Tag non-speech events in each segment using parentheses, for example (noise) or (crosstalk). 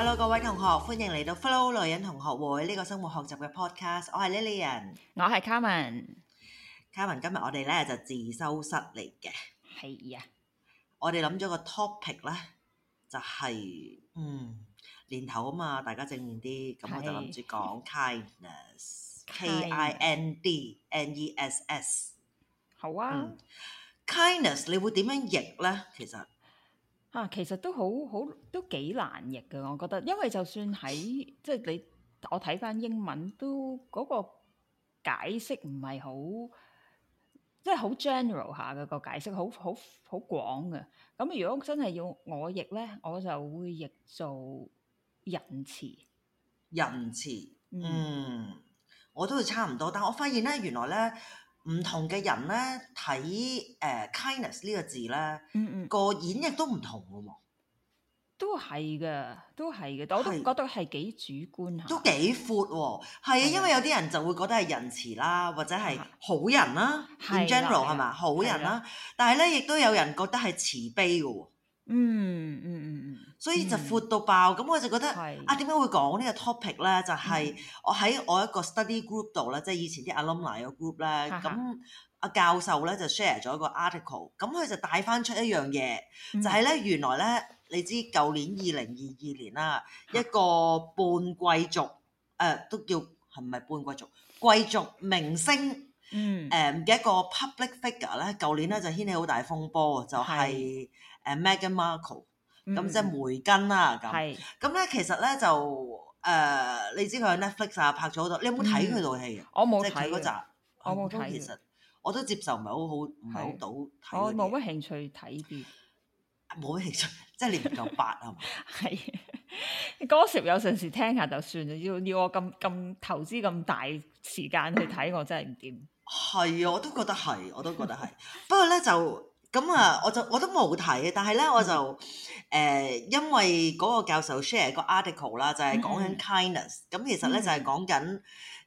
Hello, Hello. 各位同學，歡迎嚟到 Flo 女人同學會呢、這個生活學習嘅 podcast，我係 Lilian，我係 Carmen。Carmen 今日我哋咧就自修室嚟嘅。係啊，我哋諗咗個 topic 咧，就係、是、嗯年頭啊嘛，大家正面啲，咁、嗯、是我就諗住講 kindness，K-I-N-D-N-E-S-S 是。好啊。Kindness 你會點樣譯咧？其實？啊，其實都好好都幾難譯嘅，我覺得，因為就算喺即係你我睇翻英文都嗰個解釋唔係好即係，就係好 general 下嘅嗰個解釋，好好好廣嘅。咁如果真係要我譯咧，我就會譯做仁慈，仁慈，嗯，嗯，我都係差唔多。但我發現咧，原來咧。唔同嘅人咧睇誒 kindness 呢、uh, kind 個字咧，嗯嗯、個演繹都唔同嘅喎。都係嘅，都係嘅，我都覺得係幾主觀嚇，都幾闊喎、哦，係啊，的因為有啲人就會覺得係仁慈啦，或者係好人啦的 In general 係嘛的，好人啦，但係咧亦都有人覺得係慈悲嘅、哦。嗯嗯嗯嗯，嗯嗯，所以就闊到爆，咁、嗯、我就覺得是啊，點解會講呢個 topic 咧？就係、是、我喺我一個 study group 度咧，即、就、係、是、以前啲 alumni 嘅 group 咧，咁阿、嗯、教授咧就 share 咗一個 article，咁佢就帶翻出一樣嘢，就係、是、咧原來咧，你知舊年二零二二年啦、啊，嗯、一個半貴族，誒、呃、都叫係咪半貴族，貴族明星，誒嘅一個 public figure 咧，舊年咧就掀起好大風波，就係、是。誒 Meghan Markle 咁即係梅根啦咁，咁咧其實咧就誒，你知佢 Netflix 啊拍咗好多，你有冇睇佢套戲啊？我冇睇集，我冇睇。其實我都接受唔係好好，唔係好到睇。我冇乜興趣睇啲，冇乜興趣，即係你唔夠八啊嘛！係歌詞有陣時聽下就算啦，要要我咁咁投資咁大時間去睇，我真係唔掂。係啊，我都覺得係，我都覺得係。不過咧就。咁啊，我就我都冇睇嘅，但係咧、嗯、我就誒、呃、因為嗰個教授 share 個 article 啦、嗯，就係講緊 kindness。咁其實咧就係講緊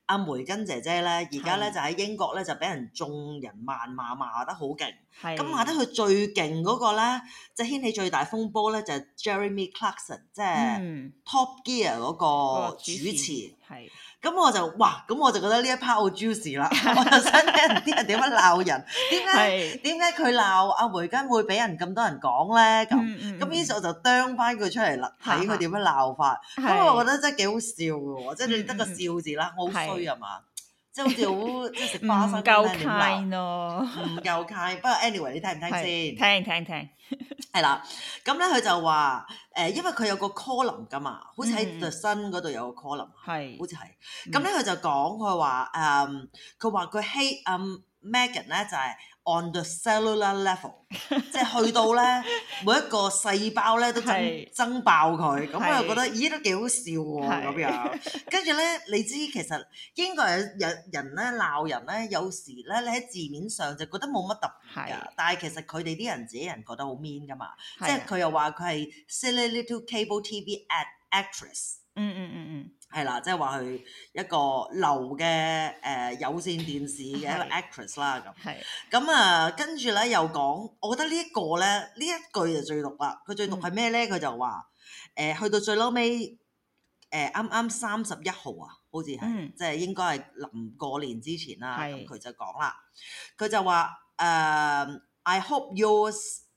阿梅根姐姐咧，而家咧就喺英國咧就俾人眾人謾罵罵，罵，罵，罵得好勁。咁罵是得佢最勁嗰個咧，即係掀起最大風波咧，就係、是、Jeremy Clarkson，即係 Top、嗯、Gear 嗰個主持。哦，主持係，咁我就哇，咁我就覺得呢一 part 好 juicy 啦，我就想聽啲人點樣鬧人，點解點解佢鬧阿梅根會俾人咁多人講咧？咁咁於是我就 down 翻佢出嚟啦，睇佢點樣鬧法，咁我覺得真係幾好笑嘅喎，即係你得個笑字啦，我好衰啊嘛～即係好似好即係食花生唔夠 kind 咯，唔夠 kind。不過 anyway，你聽唔聽先？聽聽聽，係啦 (laughs) tan tan.。咁咧佢就話誒，因為佢有個 column 㗎嘛，好似喺 The Sun 嗰度有個 column，好似係。咁咧佢就講佢話誒，佢話佢 h i Megan 咧就係。on the cellular level， (laughs) 即係去到咧每一個細胞咧都增增爆佢，咁我又覺得咦都幾好笑喎嗰邊啊。跟住咧，你知其實英國人人人咧鬧人咧，有時咧你喺字面上就覺得冇乜特別㗎，是的 但係其實佢哋啲人自己人覺得好 mean 㗎嘛，是的 即係佢又話佢係 silly little cable tv at actress 的。嗯嗯嗯嗯。係啦，即係話佢一個流嘅誒、呃、有線電視嘅一個 actress 啦咁，係咁啊，跟住咧又講，我覺得呢一個咧呢一句就最毒啦。佢最毒係咩咧？佢、嗯、就話誒、呃、去到最撈尾誒啱啱三十一號啊，好似係，嗯、即係應該係臨過年之前啦。佢是就講啦，佢就話誒、呃、I hope yours。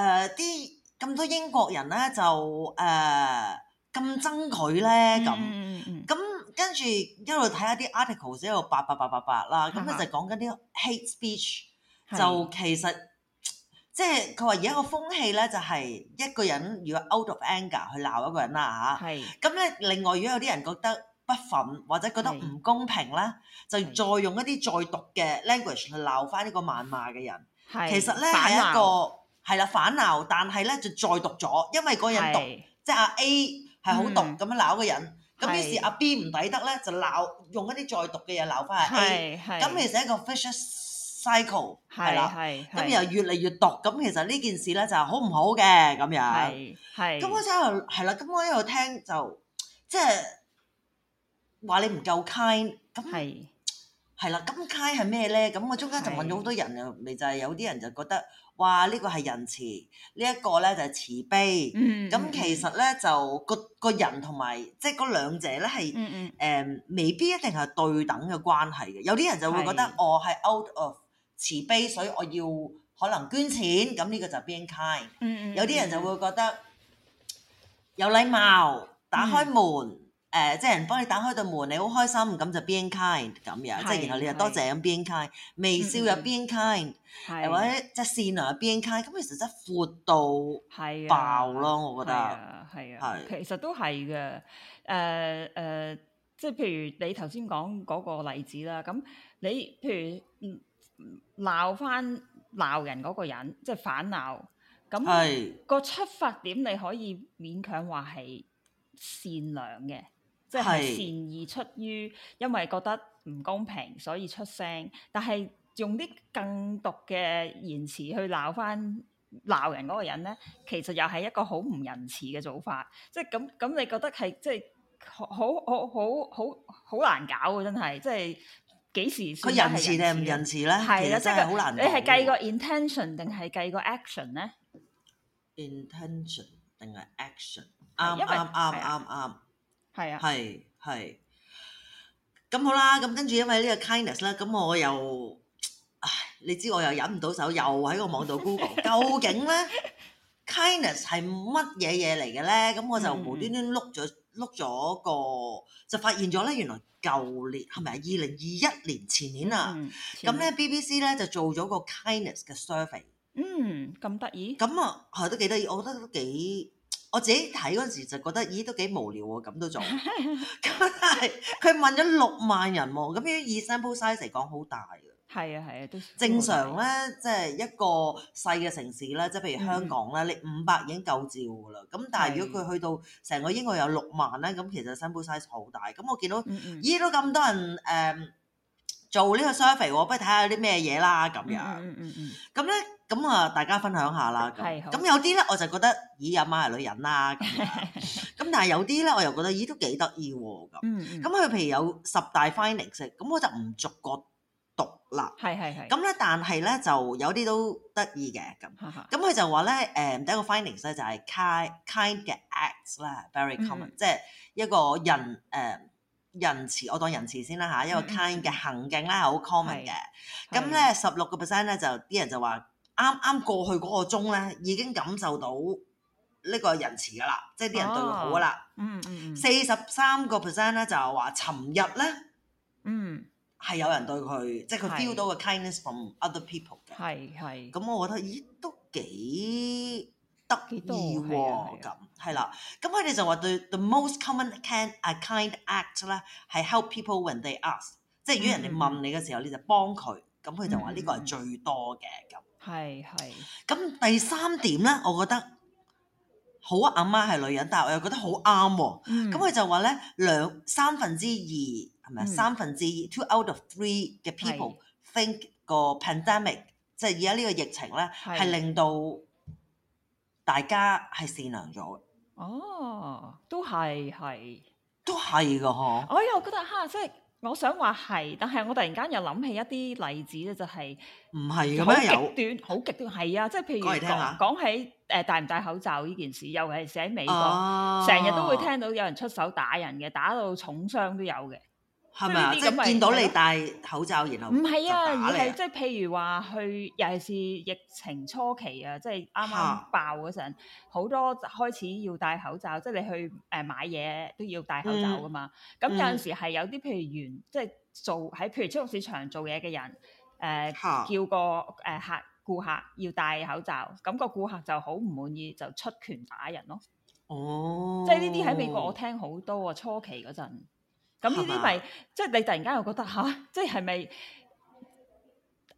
誒啲咁多英國人咧，就誒咁憎佢咧咁，咁、uh, mm hmm, mm hmm. 跟住一路睇下啲 article，一路八八八八八啦。咁咧、啊、就講緊啲 hate speech，是就其實即係佢話而家個風氣咧，就係、是、一個人如果 out of anger 去鬧一個人啦嚇，咁、啊、咧是另外如果有啲人覺得不憤或者覺得唔公平咧，是就再用一啲再毒嘅 language 去鬧返呢個謾罵嘅人，是是其實咧係一個。盲係啦，反鬧，但係咧就再毒咗，因為嗰人毒，即係阿 A 係好毒咁樣鬧個人，咁於是阿 B 唔抵得咧就鬧，用一啲再毒嘅嘢鬧翻阿 A，咁其實一個 vicious cycle 係啦，咁然後越嚟越毒，咁其實呢件事咧就係好唔好嘅咁樣，咁我就喺度，係啦，咁我一度聽就即係話你唔夠 kind 咁。係啦，金卡係咩咧？咁、嗯、我中間就問咗好多人，又咪是就係有啲人就覺得，哇！呢、這個係仁慈，這個、呢一個咧就係、是、慈悲。嗯。咁、嗯、其實咧就個個人同埋即係嗰兩者咧係，誒、嗯嗯呃，未必一定係對等嘅關係嘅。有啲人就會覺得我係是、哦、out of 慈悲，所以我要可能捐錢，咁呢個就 be kind、嗯嗯嗯、有啲人就會覺得有禮貌，打開門。嗯嗯誒、呃，即係人幫你打開對門，你好開心，咁就 being kind 咁樣，是即係然後你又多謝咁 being kind，微笑又 being kind，或者的即係善良 being kind，咁其實真係闊到爆咯，我覺得。係啊，係啊，其實都係嘅。誒誒，即係譬如你頭先講嗰個例子啦，咁你譬如鬧返鬧人嗰個人，即、就、係、是、反鬧，咁個出發點你可以勉強話係善良嘅。即係善意出於，因為覺得唔公平，所以出聲。但係用啲更毒嘅言辭去鬧返鬧人嗰個人咧，其實又係一個好唔仁慈嘅做法。即係咁咁，你覺得係即係好好好好好難搞啊，真係，即係幾時先係仁慈定係唔仁慈咧？係啦，即係好難搞。你係計個 intention 定係計個 action 咧？intention 定係 action？啱，因為啱啱啱啱。係是啊，係係，咁好啦，咁跟住因為呢個 Kindness 咧，咁我又，唉，你知我又忍唔到手，又喺個網度 Google，究竟咧 Kindness 係乜嘢嘢嚟嘅咧？咁 (laughs) 我就無端端碌咗碌咗個，就發現咗咧，原來舊年係咪啊？二零二一年，前年啊，咁咧、嗯、BBC 咧就做咗個 Kindness 嘅 survey。嗯，咁得意？咁啊，係都幾得意，我覺得都幾。我自己睇嗰陣時就覺得，咦都幾無聊喎、啊、咁都做。咁但係佢問咗六萬人喎、啊，咁樣以 sample size 嚟講好大㗎。係啊係啊，啊，正常咧，即係一個細嘅城市啦，即係譬如香港啦，mm hmm. 你五百已經夠照㗎啦。咁但係如果佢去到成個英國有六萬咧，咁其實 sample size 好大。咁我見到咦、mm hmm. 都咁多人誒。嗯做呢個 survey，不如睇下啲咩嘢啦咁樣。咁咧、mm，咁、hmm, 啊、mm，hmm. 大家分享下啦。咁，咁、mm hmm. 有啲咧，我就覺得，咦，阿媽係女人啦、啊。咁， (laughs) 但係有啲咧，我又覺得，咦，都幾得意喎。咁、mm，咁、hmm. 佢譬如有十大 findings，咁我就唔逐個讀啦。係係係。咁咧，但係咧，就有啲都得意嘅咁。咁佢 (laughs) 就話咧，誒、嗯，第一個 findings 咧就係、是、kind kind 嘅 of acts 啦，very common，、mm hmm. 即係一個人誒。嗯嗯嗯仁慈，我當仁慈先啦嚇，因為 kind 嘅行徑咧係好 common 嘅。咁咧，十六個 percent 咧就啲人就話，啱啱過去嗰個鐘咧已經感受到呢個仁慈噶啦，即係啲人對佢好啊啦。嗯四十三個 percent 咧就話，尋日咧，嗯，係、嗯嗯、有人對佢，是即係佢 feel 到個 kindness from other people 嘅。係係。咁我覺得，咦，都幾得意喎咁。係啦，咁佢哋就話對 the, the most common kind of kind act 咧係 help people when they ask，即係如果人哋問你嘅時候、嗯、你就幫佢，咁佢就話呢個係最多嘅咁。係係、嗯。咁、嗯、第三點咧，我覺得好阿媽係女人，但係我又覺得好啱喎。咁佢、嗯、就話咧兩三分之二係咪、嗯、三分之二 two out of three 嘅 people、嗯、think 個 the pandemic 即係而家呢個疫情咧係是令到大家係善良咗。哦，都係，係，都係噶嗬。我又覺得嚇、啊，即係我想話係，但係我突然間又諗起一啲例子咧，就係唔係咁樣有，好極端，好極端，係啊！即係譬如講講起誒戴唔戴口罩呢件事，尤其係喺美國，成日、啊、都會聽到有人出手打人嘅，打到重傷都有嘅。係咪啊？是是些即係見到你戴口罩，吧然後唔係啊，而係即係譬如話去，尤其是疫情初期啊，即係啱啱爆嗰陣，好的多開始要戴口罩。即、就、係、是、你去誒、呃、買嘢都要戴口罩噶嘛。咁、嗯、有陣時係有啲譬如員，即係、就是、做喺譬如超級市場做嘢嘅人，誒、呃、的叫個誒客顧客要戴口罩，咁、那個顧客就好唔滿意，就出拳打人咯。哦，即係呢啲喺美國我聽好多啊，初期嗰陣。咁呢啲咪即係你突然間又覺得吓、啊，即係係咪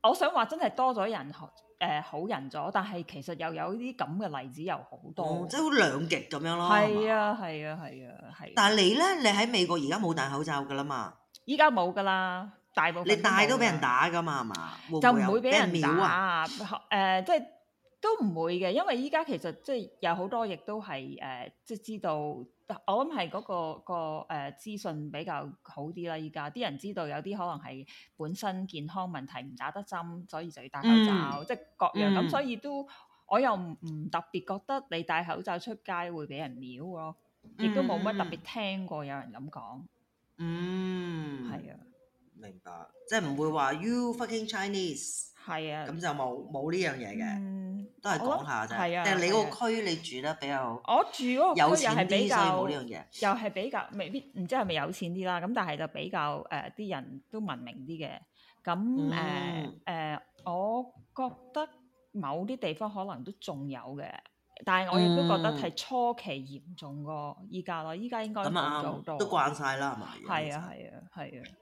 我想話真係多咗人誒、呃、好人咗，但係其實又有呢啲咁嘅例子又好多，哦、即係好兩極咁樣咯。係啊係啊係啊係。啊但係你咧，你喺美國而家冇戴口罩㗎啦嘛？依家冇㗎啦，大部分。你戴都俾人打㗎嘛？係嘛？就唔會俾人打啊！誒、呃，即係。都唔會嘅，因為依家其實即係有好多，亦都係誒，即係、呃、知道。我諗係嗰個、嗰個誒、呃、資訊比較好啲啦。依家啲人知道有啲可能係本身健康問題唔打得針，所以就要戴口罩，嗯、即係各樣咁。嗯、所以都我又唔、嗯、特別覺得你戴口罩出街會俾人瞄咯，亦都冇乜特別聽過有人咁講。嗯，係啊、嗯，的明白。即係唔會話 you fucking Chinese。係啊，咁就冇冇呢樣嘢嘅，嗯、都係講下啫。啊。但係你嗰個區你住得比較、啊，比較我住嗰個區人係比較，又係比較未必，唔知係咪有錢啲啦。咁但係就比較誒啲、呃、人都文明啲嘅。咁誒誒，我覺得某啲地方可能都仲有嘅，但係我亦都覺得係初期嚴重過依家咯。依家應該都關晒啦，係咪、嗯？係啊係啊係啊！esa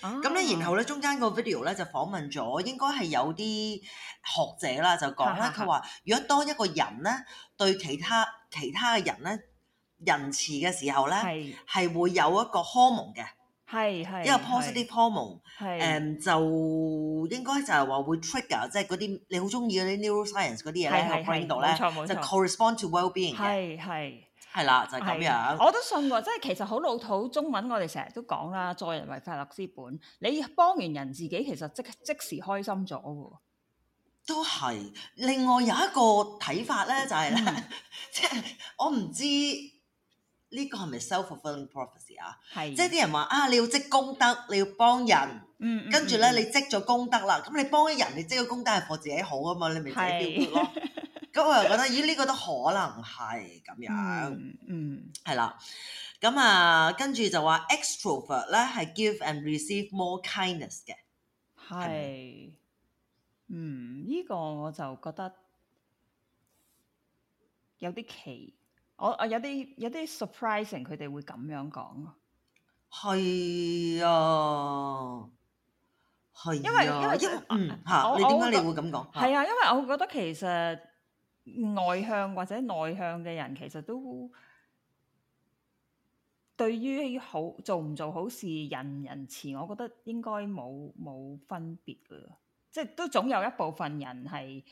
咁咧，啊、然後咧，中間個 video 咧就訪問咗，應該係有啲學者啦，就講咧，佢話是，如果當一個人咧對其他其他嘅人咧仁慈嘅時候咧，係是 會有一個 hormone 嘅，係係，一個 positive hormo< 是 >ne 是、嗯，係，誒就應該就係話會 trigger，即係嗰啲你好中意嗰啲 neuroscience 嗰啲嘢咧喺 brain 度咧，就 correspond to well-being 嘅，係是是 的係啦，就係、是、咁樣。我都信喎，即係其實好老土。中文我哋成日都講啦，助人為快樂之本。你幫完人自己，其實即即時開心咗嘅喎。都係。另外有一個睇法咧，就係、是、咧，嗯、即係我唔知呢、這個係咪 self-fulfilling prophecy 啊？係的。即係啲人話啊，你要積功德，你要幫人。嗯。跟住咧，你積咗功德啦，咁你幫咗人，你積咗功德係為自己好啊嘛，你咪自己標誌咯。的的 (laughs) 我又覺得，咦？呢個都可能係咁樣，嗯，嗯，係啦。咁啊，跟住就話 extrovert 咧係 give and receive more kindness 嘅，係。嗯，呢個我就覺得有啲奇，我我有啲有啲 surprising，佢哋會咁樣講啊。係啊，係。因為因為嗯嚇，你點解你會咁講？係啊，因為我覺得其實。外向或者內向嘅人，其實都對於好做唔做好事、仁唔仁慈，我覺得應該冇冇分別㗎。即係都總有一部分人係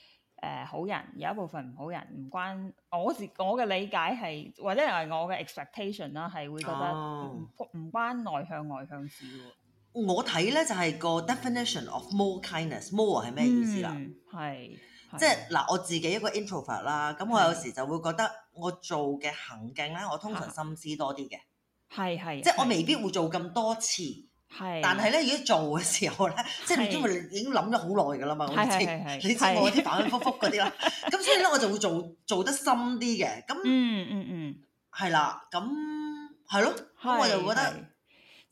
誒好人，有一部分唔好人，唔關我自我嘅理解係，或者係我嘅 expectation 啦，係會覺得唔唔關內向外向事嘅。我睇咧就係個 definition of more kindness，more 係咩意思啦？係。即係嗱，我自己一個 introvert 啦，咁我有時就會覺得我做嘅行徑咧，我通常心思多啲嘅，係係、啊，即係我未必會做咁多次，係是，但係咧，如果做嘅時候咧，是即係你知唔知？你已經諗咗好耐㗎啦嘛，好似你知我啲反反覆覆嗰啲啦，咁 (laughs) 所以咧我就會做做得深啲嘅，咁嗯嗯嗯，係、嗯嗯、啦，咁係咯，咁我就覺得。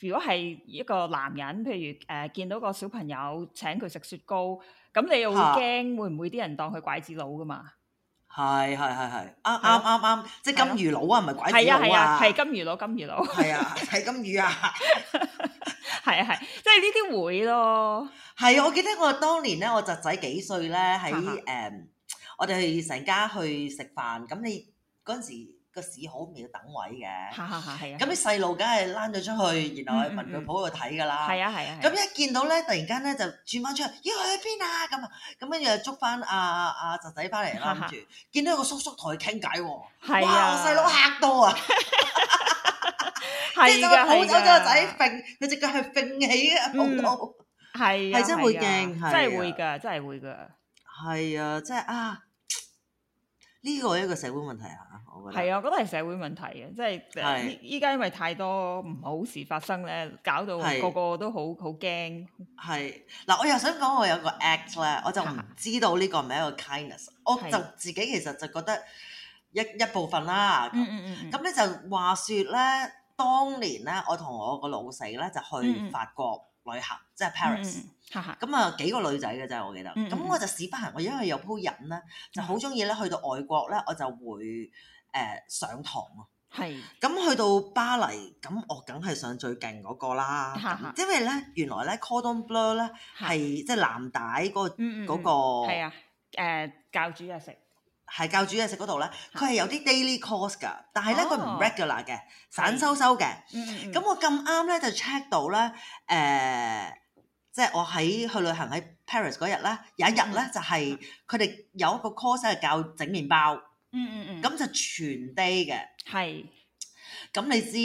如果係一個男人，譬如誒見到個小朋友請佢食雪糕，咁你又會驚會唔會啲人當佢拐子佬㗎嘛？係係係係，啱啱啱啱，即係金魚佬啊，唔係拐子佬啊！係係啊，係金魚佬，金魚佬。係啊，係金魚啊！係啊係，即係呢啲會咯。係啊，我記得我當年咧，我侄仔幾歲咧？喺誒，我哋成家去食飯，咁你嗰陣時。個市好，唔要等位嘅。係係咁，啲細路梗係躝咗出去，然後去文具鋪嗰度睇㗎啦。係啊係啊。咁一見到咧，突然間咧就轉翻出，去，要去邊啊？咁啊，咁跟住就捉翻阿阿侄仔翻嚟啦。住見到個叔叔同佢傾偈喎。係啊。哇！細佬嚇到啊！係㗎，抱走咗個仔，揈佢隻腳係揈起嘅幅度。係係真會驚，真係會㗎，真係會㗎。係啊，即係啊。呢個係一個社會問題啊，我係啊，我覺得係社會問題啊。即係依家因為太多唔好事發生咧，搞到個個都好好驚。係嗱是，我又想講我有個 act 咧，我就唔知道呢個唔係一個 kindness，我就自己其實就覺得一是一部分啦。咁咧、嗯嗯嗯、就話說咧，當年咧，我同我個老細咧就去法國。嗯嗯旅行即係 Paris，咁啊幾個女仔嘅啫，我記得。咁、嗯嗯、我就屎忽痕，我因為有鋪癮啦，嗯、就好中意咧去到外國咧，我就會誒、呃、上堂喎。係是。咁去到巴黎，咁我梗係上最勁嗰個啦、嗯。因為咧，原來咧 Cordon Bleu 咧係是是即係藍帶嗰、那個嗰係啊，誒教主嘅食。係教煮嘢食嗰度咧，佢係有啲 daily course 㗎，但係咧佢唔 regular 嘅，散修修嘅。咁是我咁啱咧就 check 到咧，誒、呃，即、就、係、是、我喺、嗯、去旅行喺 Paris 嗰日咧，有一日咧、嗯、就係佢哋有一個 course 係教整麵包。嗯嗯嗯。咁、嗯嗯、就全 day 嘅。係是。咁你知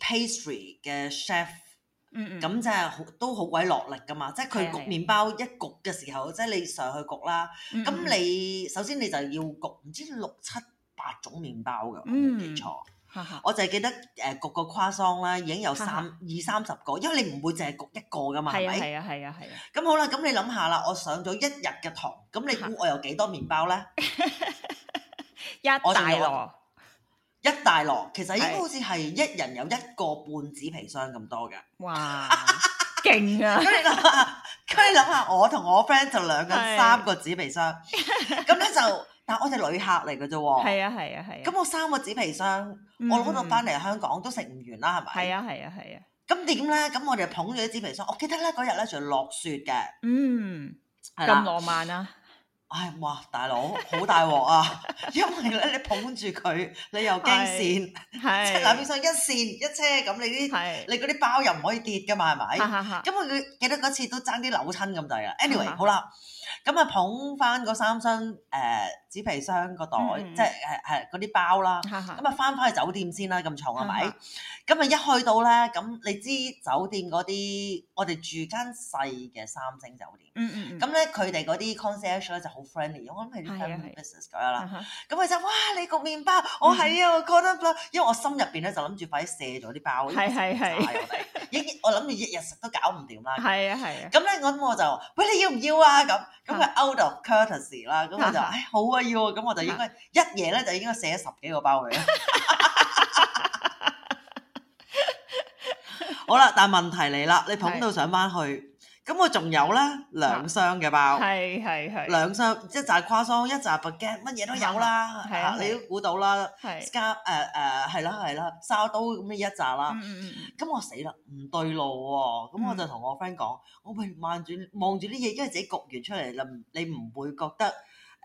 pastry 嘅 chef？咁即係好都好鬼落力㗎嘛，即係佢焗麵包一焗嘅時候，即係你上去焗啦。咁你首先你就要焗唔知六七八種麵包嘅，冇記錯。我就係記得誒焗個跨桑啦，已經有三二三十個，因為你唔會淨係焗一個㗎嘛，係咪？係啊係啊係啊！咁好啦，咁你諗下啦，我上咗一日嘅堂，咁你估我有幾多麵包咧？一大籮。一大落，其實應該好似係一人有一個半紙皮箱咁多嘅。哇，勁啊！咁你諗下，我同我 friend 就兩個三個紙皮箱，咁咧就，但係我哋旅客嚟嘅啫喎。係啊，係啊，係啊。咁我三個紙皮箱，我攞到翻嚟香港都食唔完啦，係咪？係啊，係啊，係啊。咁點咧？咁我哋捧住啲紙皮箱，我記得咧嗰日咧仲落雪嘅。嗯，咁、嗯嗯嗯嗯、浪漫啊！唉、哎，哇，大佬好大鑊啊！因為咧，你捧住佢，你又驚線，即係嗱，邊上 (laughs) 一線一車咁，你啲是你啲包又唔可以跌㗎嘛，係咪是？咁我佢記得嗰次都爭啲扭親咁滯啦。anyway，好啦，咁啊捧返個三箱誒。呃紙皮箱個袋，即係係嗰啲包啦。咁啊，翻返去酒店先啦，咁重係咪？咁啊，一去到咧，咁你知酒店嗰啲，我哋住間細嘅三星酒店。咁咧，佢哋嗰啲 concierge 咧就好 friendly。我諗係 family business 咁樣啦。咁佢就哇，你焗麵包，我係啊，我覺得因為我心入邊咧就諗住快啲卸咗啲包，係係係。一日我諗住一日食都搞唔掂啦。係啊係啊。咁咧，咁我就喂，你要唔要啊？咁咁佢 out of courtesy 啦。咁佢就唉好啊。要咁我就應該一夜咧，就應該寫十幾個包佢。好啦，但係問題嚟啦，你捧到上返去，咁我仲有咧兩箱嘅包，係係係，兩箱一紮挎桑，一紮布 gem，乜嘢都有啦。嚇，你都估到啦。係加誒誒，係啦係啦，砂刀咁樣一紮啦。嗯嗯嗯。咁我死啦，唔對路喎。咁我就同我 friend 講：我喂，望住望住啲嘢，因為自己焗完出嚟啦，你唔會覺得。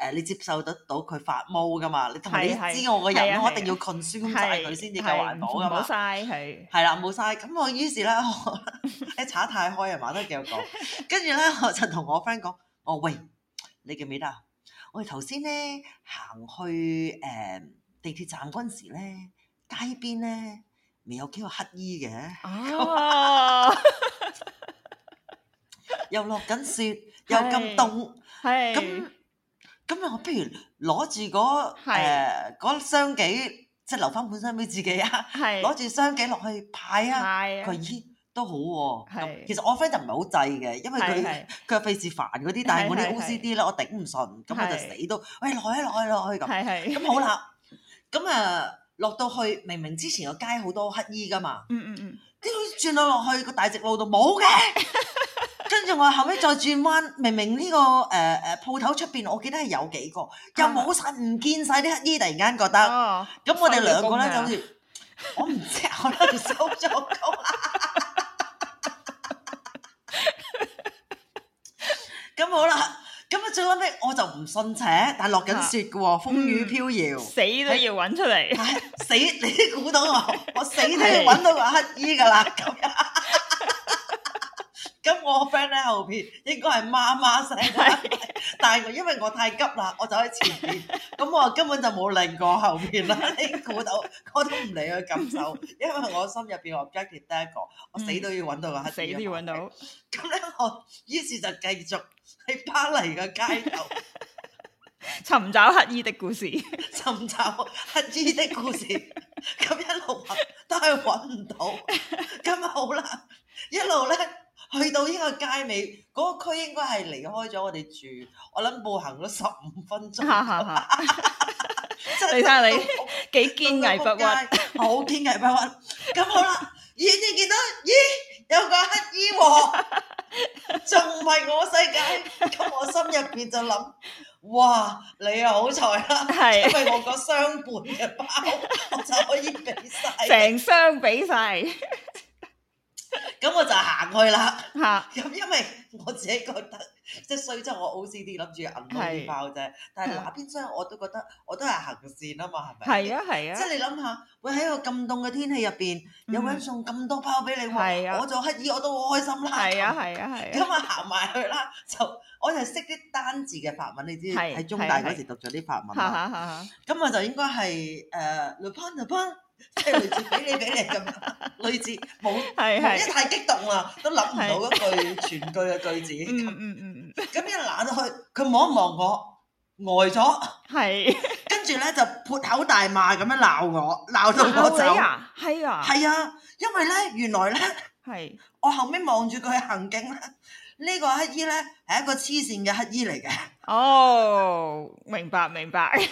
誒，你接受得到佢發毛㗎嘛？你同你知我個人的我一定要 consume 晒佢先，至夠環保㗎。冇嘥，係係啦，冇嘥。咁我於是咧， (laughs) 一查太開啊嘛，都係咁講。跟住咧，我就同我 friend 講：我、oh, 喂，你記唔記得？我哋頭先咧行去誒、嗯、地鐵站嗰陣時咧，街邊咧未有幾個乞衣嘅。啊、 (laughs) 又落緊雪，又咁凍，係咁的。咁我不如攞住嗰箱幾，即係留翻本身俾自己啊！攞住箱幾落去派啊！佢咦都好喎。咁其實我 friend 就唔係好制嘅，因為佢係費事煩嗰啲，但係我啲 OCD 咯，我頂唔順，咁我就死都喂，落啊落去落去咁。咁好啦，咁啊落到去，明明之前個街好多乞衣㗎嘛，嗯嗯嗯，掉轉到落去個大直路度冇嘅。跟住我後尾再轉彎，明明呢、這個誒誒鋪頭出邊，我記得係有幾個，又冇曬，唔、啊、見晒啲乞衣，突然間覺得，咁、哦、我哋兩個咧，好似我唔知，可能收咗工。咁好啦，咁啊最後尾我就唔信邪，但係落緊雪嘅喎，啊、風雨飄搖、嗯，死都要揾出嚟，死、哎、 (laughs) 你估到我，我死都要揾到個乞衣噶啦，咁樣。 (laughs) 咁我 friend 喺後邊，應該係媽媽聲， (laughs) (laughs) 但係因為我太急啦，我就喺前邊，咁我根本就冇令過後邊啦。你估到我都唔理佢感受，因為我心入邊我 Jackie 得一個，我死都要搵到個死都要搵到。咁咧，我於是就繼續喺巴黎嘅街頭尋找乞衣的故事，尋找乞衣的故事，咁一路都係搵唔到。咁好啦，一路咧。去到呢個街尾，嗰、嗰個區應該係離開咗我哋住，我諗步行咗十五分鐘。 (laughs) 你睇下你幾堅毅不屈，好堅毅不屈。咁好啦，咦？你見到咦？有個乞衣喎，仲唔係我世界？咁 (laughs) (laughs) 我心入邊就諗，哇！你又好彩啦，的因為我個雙倍嘅包我就可以俾晒，成箱俾晒。咁我就行去啦，咁因為我自己覺得即衰，即我 O C D，諗住銀包包啫，但係哪邊衰我都覺得我都係行善啊嘛，係咪？係啊係啊！即你諗下，會喺個咁凍嘅天氣入邊，有個人送咁多包俾你，我我就乞衣我都好開心啦。係啊係啊係，咁啊行埋去啦，就我就識啲單字嘅法文，你知喺中大嗰時讀咗啲法文，嚇嚇咁啊就應該係誒即係俾你俾你咁，類似冇，係係，一太激動啦，都諗唔到一句全句嘅句子。嗯嗯嗯嗯。咁一鬧到佢，佢、嗯、摸一摸我，呆咗。係。 (laughs) 跟住咧就破口大罵咁樣鬧我，鬧到我走。係啊。係啊， (laughs) 啊，因為咧，原來咧，係 (laughs) 是。我後屘望住佢係行徑咧，呢、這個乞衣咧係一個黐線嘅乞衣嚟嘅。哦，明白明白。 (laughs)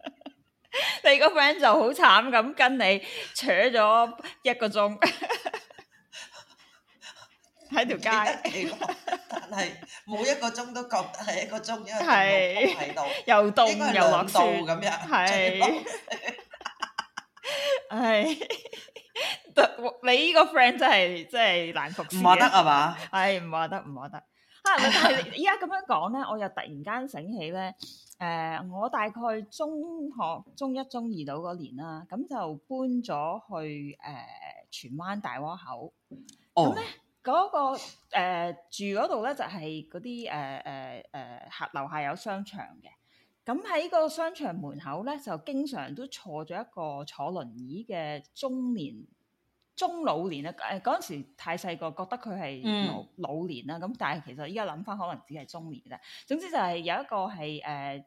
你個 friend 就好慘咁跟你扯咗一個鐘喺條街上，但係冇一個鐘都覺得係一個鐘， (laughs) 是因為凍又凍又落雪咁樣，唉，你呢個 friend 真係真係難服侍唔話得係嘛，唉、哎，唔話得，唔話得。係！但係依家咁樣講咧，我又突然間醒起咧。誒、呃，我大概中學中一、中二到嗰年啦，咁就搬咗去誒、呃、荃灣大窩口。哦、oh。咁、那、咧、個，嗰、呃、個住嗰度咧，就係嗰啲誒誒誒下樓下有商場嘅。咁喺個商場門口咧，就經常都坐咗一個坐輪椅嘅中年。中老年啦，誒嗰陣時太細個，覺得佢係老、嗯、老年啦，咁但係其實依家諗翻，可能只係中年嘅啫。總之就係有一個係誒、呃、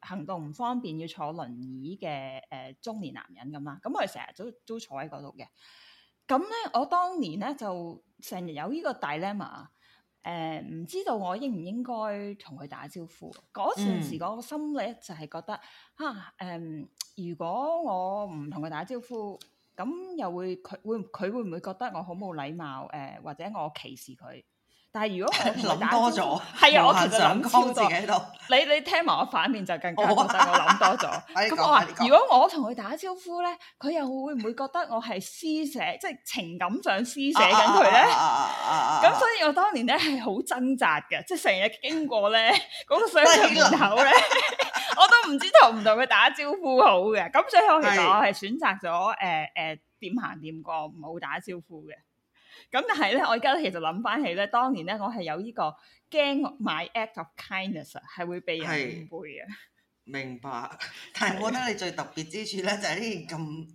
行動唔方便，要坐輪椅嘅誒、呃、中年男人咁啦。咁我哋成日都都坐喺嗰度嘅。咁咧，我當年咧就成日有呢個 dilemma，誒唔知道我應唔應該同佢打招呼。嗰陣、嗯、時個心理就係覺得，嚇誒、呃，如果我唔同佢打招呼。咁又會佢會佢會唔會覺得我好冇禮貌誒、呃，或者我歧視佢？但係如果我諗 (laughs) 多咗了，係啊，我其實諗多咗、嗯。你你聽埋我反面就更加覺得，就我諗多咗。咁我話，這個、如果我同佢打招呼咧，佢又會唔會覺得我係施捨， (laughs) 即係情感上施捨緊佢咧？咁、啊啊啊啊、所以我當年咧係好掙扎嘅，即係成日經過咧嗰個水池頭嘅。 (laughs) (laughs) 我都唔知同唔同佢打招呼好嘅，咁所以我其實我係選擇咗誒誒點行點過冇打招呼嘅。咁但係咧，我而家其實諗翻起咧，當年咧我係有呢個驚 my act of kindness 係會被人誤會嘅。明白。但係我覺得你最特別之處咧，就係、是、呢件咁。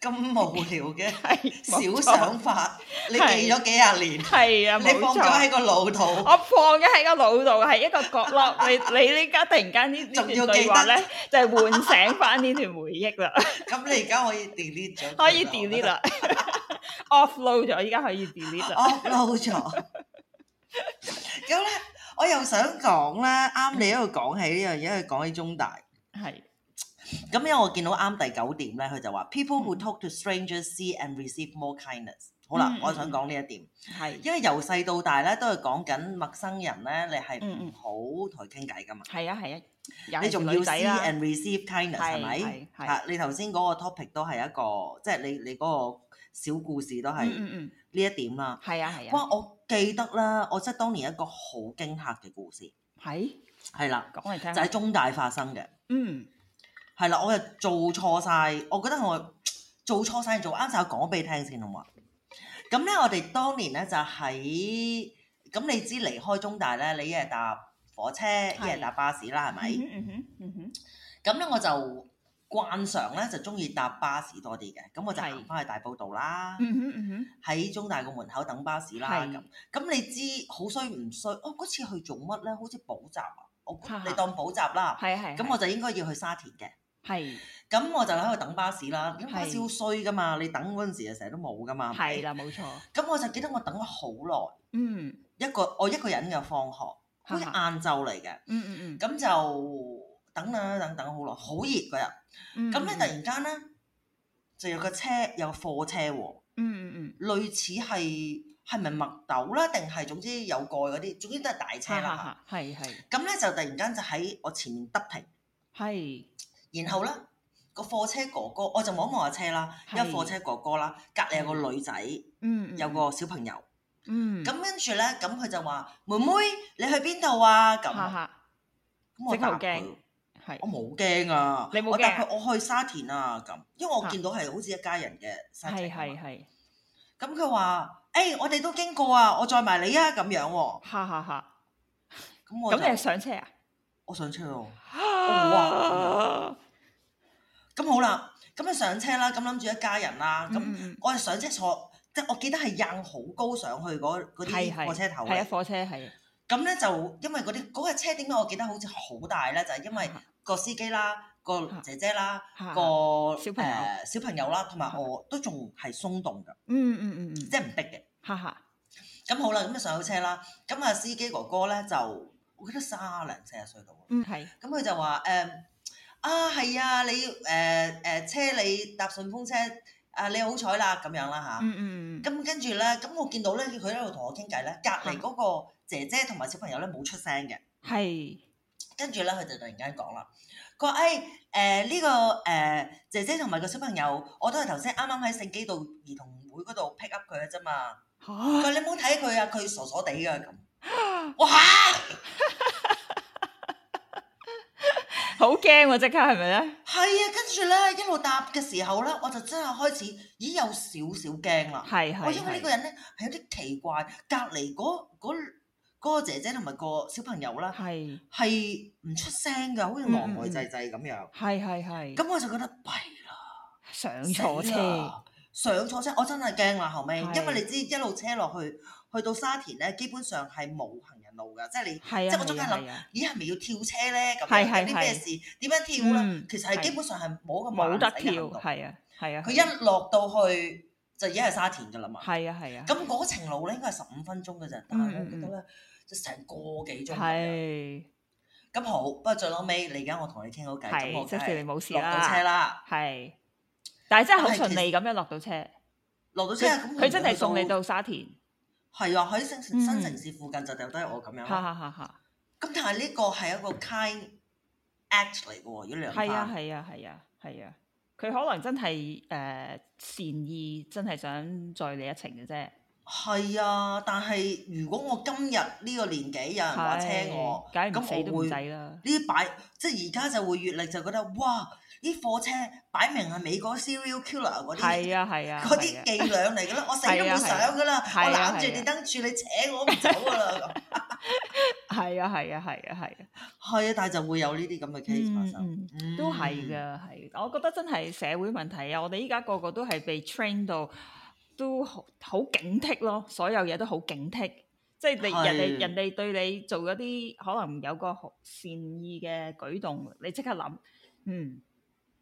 咁無聊嘅，係，小想法，你記咗幾廿年，你放咗喺個腦度。我放咗喺個腦度，係一個角落。你你呢家突然間呢呢段對話咧，就喚醒翻呢段回憶啦。咁你而家可以 delete 咗。可以 delete 啦，offload 咗，依家可以 delete 啦，offload 咗。咁咧，我又想講咧，啱你一路講起呢樣嘢，一路講起中大。係。咁因為我見到啱第九點咧，佢就話：people who talk to strangers see and receive more kindness。好啦，我想講呢一點係，因為由細到大咧都係講緊陌生人咧，你係唔好同佢傾偈噶嘛。係啊係啊，你仲要 see and receive kindness 係咪？係你頭先嗰個 topic 都係一個，即係你你嗰個小故事都係呢一點啦。係啊係啊，不過，我記得啦，我即係當年一個好驚嚇嘅故事係係啦，講嚟聽就喺中大發生嘅。嗯。係啦，我又做錯晒。我覺得我做錯晒，做啱晒。我講俾你聽先好嘛？咁咧、e ok，我哋當年咧就喺咁，你知離開中大咧，你一日搭火車，一日搭巴士啦，係咪？嗯哼，咁咧我就慣常咧就中意搭巴士多啲嘅，咁我就行翻去大埔道啦。喺中大個門口等巴士啦，咁咁你知好衰唔衰？哦，嗰次去做乜咧？好似補習啊，我你當補習啦。係啊係。咁我就應該要去沙田嘅。係咁，我就喺度等巴士啦。咁巴士好衰噶嘛，你等嗰陣時成日都冇噶嘛。係啦，冇錯。咁我就記得我等咗好耐。嗯，一個我一個人又放學，好似晏晝嚟嘅。嗯嗯嗯。咁就等等等等好耐，好熱嗰日。嗯。咁咧，突然間咧就有個車，有貨車喎。嗯嗯嗯。類似係係咪麥豆啦？定係總之有蓋嗰啲，總之都係大車啦。係係。咁咧就突然間就喺我前面得停。係。然後咧，個貨車哥哥，我就摸一摸架車啦，因為貨車哥哥啦，隔離有個女仔，有個小朋友，咁跟住咧，咁佢就話：妹妹，你去邊度啊？咁我答佢，係我冇驚啊！你冇驚？我答佢我去沙田啊！咁，因為我見到係好似一家人嘅，係係係。咁佢話：誒，我哋都經過啊，我載埋你啊！咁樣，哈哈哈。咁我咁你係上車啊？我上車喎。好啊！咁好啦，咁啊上車啦，咁諗住一家人啦，咁我係上車坐，即係我記得係硬好高上去嗰嗰啲火車頭嘅，係啊火車係。咁咧就因為嗰啲嗰架車點解我記得好似好大咧？就係因為個司機啦、個姐姐啦、個誒小朋友啦，同埋我都仲係鬆動㗎，嗯嗯嗯，即係唔逼嘅，哈哈。咁好啦，咁啊上咗車啦，咁啊司機哥哥咧就我記得三零四十歲度，嗯咁佢就話誒。啊，係啊，你誒誒、呃呃、車你搭順風車，啊、呃、你好彩啦咁樣啦吓，咁、啊嗯嗯、跟住咧，咁、嗯、我見到咧佢喺度同我傾偈咧，隔離嗰個姐姐同埋小朋友咧冇出聲嘅，係是，跟住咧佢就突然間講啦，佢話誒誒呢個誒、呃、姐姐同埋個小朋友，我都係頭先啱啱喺聖基道兒童會嗰度 pick up 佢嘅啫嘛，佢你冇睇佢啊，佢傻傻地嘅咁，哇！ (laughs) 好驚喎！即刻係咪咧？係啊，跟住咧一路搭嘅時候咧，我就真係開始已經有少少驚啦。係係。我因為呢個人咧係有啲奇怪，隔離嗰個姐姐同埋個小朋友啦，係係唔出聲嘅，好似呆呆滯滯咁樣。係係係。咁我就覺得弊啦，了上錯車上錯車，我真係驚啦後尾，是 因為你知一路車落去去到沙田咧，基本上係冇路噶，即係你，即係我中間諗，咦係咪要跳車咧？咁有啲咩事？點樣跳咧？其實係基本上係冇咁，冇得跳，係啊，係啊。佢一落到去就已經係沙田噶啦嘛。係啊，係啊。咁嗰程路咧應該係十五分鐘嘅咋，但係我覺得咧成個幾鐘。咁好，不過最後尾，你而家我同你傾好偈，即係你冇事落到車啦。係，但係真係好順利咁樣落到車，落到車咁佢真係送你到沙田。係啊，喺新城新城市附近就掉低我咁、嗯、樣。嚇嚇嚇嚇！咁但係呢個係一個 kind act 嚟嘅喎，如果兩方係啊係啊係啊係啊，佢、啊啊啊、可能真係誒、呃、善意，真係想再嚟一程嘅啫。係啊，但係如果我今日呢個年紀有人話車我，咁、哎、我會呢啲擺，即係而家就會越嚟就覺得哇！啲貨車擺明係美國 serial killer 嗰啲，嗰啲伎倆嚟噶啦，我成日都會想噶啦，我攬住你登住你扯我唔走噶啦，係啊係啊係啊係啊，係啊但係就會有呢啲咁嘅 case 發生，都係噶，係，我覺得真係社會問題啊！我哋依家個個都係被 train 到都好警惕咯，所有嘢都好警惕，即係人哋人哋對你做嗰啲可能有個好善意嘅舉動，你即刻諗，嗯。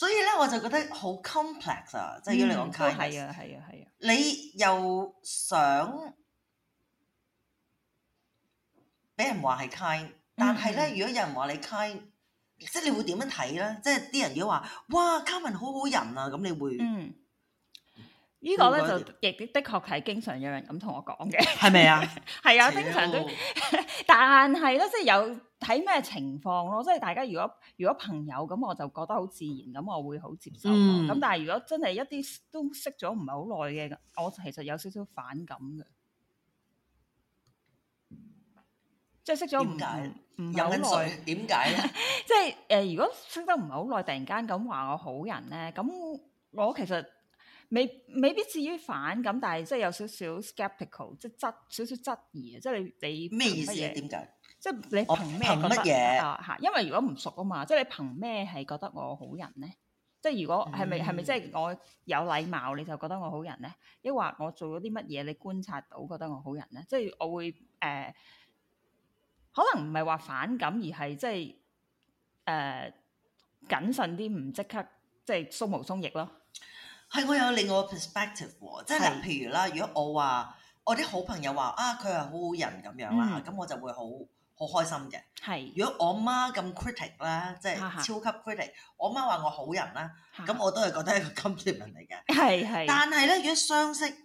所以咧，我就覺得好 complex 啊，即如果你講 kind ness，嗯。係啊係啊係啊！啊啊你又想俾人話係 kind，但係咧，嗯、如果有人話你 kind，即係你會點樣睇咧？即係啲人如果話哇，Carmen 好好人啊，咁你會？嗯，依、這個咧就亦的確係經常有人咁同我講嘅。係 (laughs) 咪啊？係 (laughs) 啊，好經常都，但係咧，即、就、係、是、有。睇咩情況咯，即係大家如果如果朋友咁，我就覺得好自然，咁我會好接受。咁、嗯、但係如果真係一啲都識咗唔係好耐嘅，我其實有少少反感嘅，即係識咗唔唔好耐，點解咧？ (laughs) 即係誒、呃，如果識得唔係好耐，突然間咁話我好人咧，咁我其實未未必至於反感，但係即係有少少 skeptical，即少少 skeptical，即係質少少質疑啊！即係你你咩意思啊？點解？即係你憑咩覺得我啊嚇？因為如果唔熟啊嘛，即係你憑咩係覺得我好人呢？即係如果係咪係咪即係我有禮貌你就覺得我好人呢？抑或我做咗啲乜嘢你觀察到覺得我好人呢？即係我會誒、呃，可能唔係話反感而係即係誒謹慎啲，唔即刻即係鬆毛鬆翼咯。係我有另外個 perspective，即係是譬如啦，如果我話我啲好朋友話啊，佢係好好人咁樣啦，咁、嗯、我就會好。好開心嘅，係是。如果我媽咁 critic 啦，即係超級 critic，是我媽話我好人啦，咁是我都係覺得係個 compliment 嚟嘅。係係是。但係咧，如果相識啱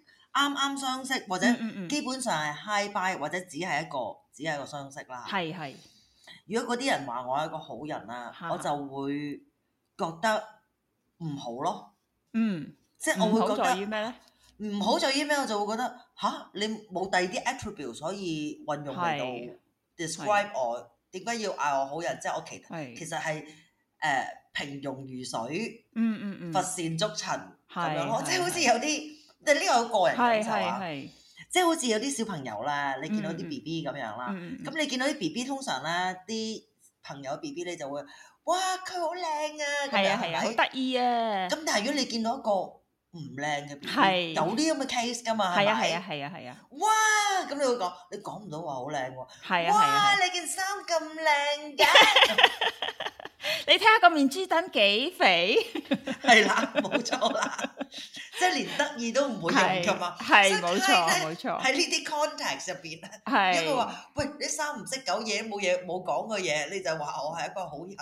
啱相識，或者基本上係 high by，或者只係一個只係一個相識啦。係係是。如果嗰啲人話我係一個好人啊，是是我就會覺得唔好咯。嗯是，即係我會覺得咩咧？唔、嗯、好在於咩？於我就會覺得吓，你冇第二啲 attribute，所以運用唔到的。describe 的我點解要嗌我好人，即、就、係、是、我其實的其實係誒、呃、平庸如水，嗯嗯嗯，嗯嗯佛善足塵咁的樣咯，即、就、係、是、好似有啲，但係呢個有個人感受啊，即係的好似有啲小朋友啦，你見到啲 B B 咁樣啦，咁、嗯嗯、你見到啲 B B 通常咧啲朋友 B B 咧就會，哇佢好靚啊，咁樣係咪？好得意啊，咁但係如果你見到一個。唔靚嘅，有啲咁嘅 case 㗎嘛，係啊係啊係啊係啊！哇，咁你會講，你講唔到話好靚喎，係啊係啊，你件衫咁靚嘅，你睇下個面珠墩幾肥，係啦冇錯啦，即係連得意都唔會用㗎嘛，係冇錯冇錯，喺呢啲 context 入邊，因為話喂三唔識九嘢冇嘢冇講嘅嘢，你就話我係一個好人。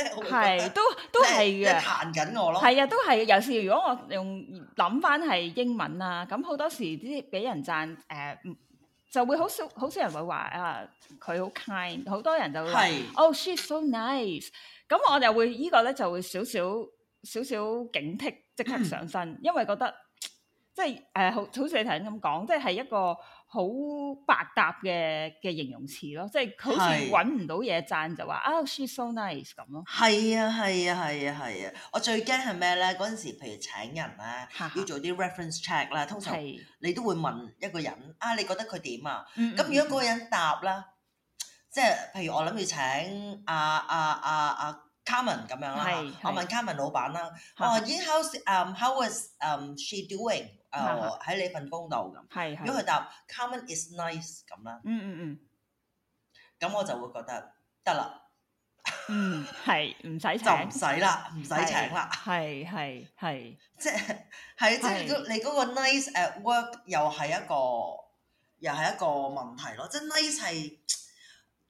係，都都係嘅。彈緊我咯。係啊，都係。尤其如果我用諗翻係英文啊，咁好多時啲俾人讚誒、呃，就會好少好少人會話啊，佢好 kind。好多人就話係，oh she is so nice。咁我就會呢、呢個咧就會少少少少警惕，即刻上身，嗯、因為覺得。即係誒好好似頭先咁講，即係一個好百搭嘅嘅形容詞咯。即係佢好似揾唔到嘢讚就話啊，she's so nice 咁咯。係啊係啊係啊係啊！我最驚係咩咧？嗰陣時譬如請人咧，要做啲 reference check 啦，通常你都會問一個人啊，你覺得佢點啊？咁如果嗰個人答啦，即係譬如我諗住請阿阿阿阿 Carmen 咁樣啦，我問 Carmen 老闆啦，哦，話 how how is um she doing？啊，喺你份工度咁。如果佢答，Carmen is nice 咁啦。嗯嗯嗯。咁我就會覺得得啦。嗯，係唔使請就唔使啦，唔使請啦。係係係。即係係即係，你嗰個 nice at work 又係一個又係一個問題咯。即係 nice 係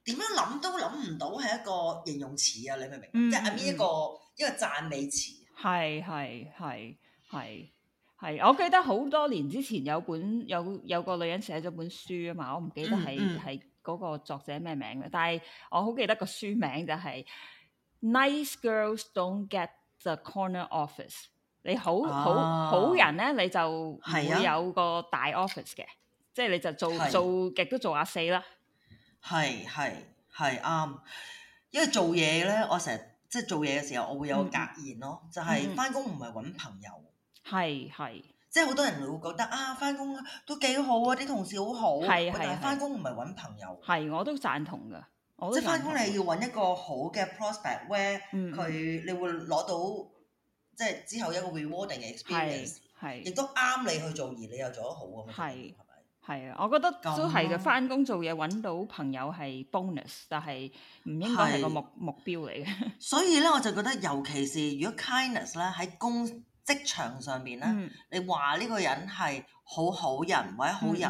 點樣諗都諗唔到係一個形容詞啊！你明唔明？即係阿 M 一個一個讚美詞。係係係係。係，我記得好多年之前有本有有個女人寫咗本書啊嘛，我唔記得係係嗰個作者咩名嘅，但係我好記得個書名就係、是、Nice girls don't get the corner office。你好、啊、好好人咧，你就會有個大 office 嘅，即係、啊、你就做是做極都做阿、啊、四啦。係係係，啱，因為做嘢咧，我成日即係做嘢嘅時候，我會有個格言咯，就係返工唔係揾朋友。嗯嗯係係，即係好多人會覺得啊，翻工都幾好啊，啲同事好好，但係翻工唔係揾朋友。係，我都贊同噶，同即係翻工你要揾一個好嘅 prospect，where 佢、嗯、你會攞到即係之後一個 rewarding 嘅 experience，係，亦都啱你去做而你又做得好啊嘛，係咪是？係啊是吧，我覺得都係嘅，翻工做嘢揾到朋友係 bonus，但係唔應該係個目是目標嚟嘅。所以咧，我就覺得，尤其是如果 kindness 咧喺公職場上面咧，嗯、你話呢個人係好好人或者好人、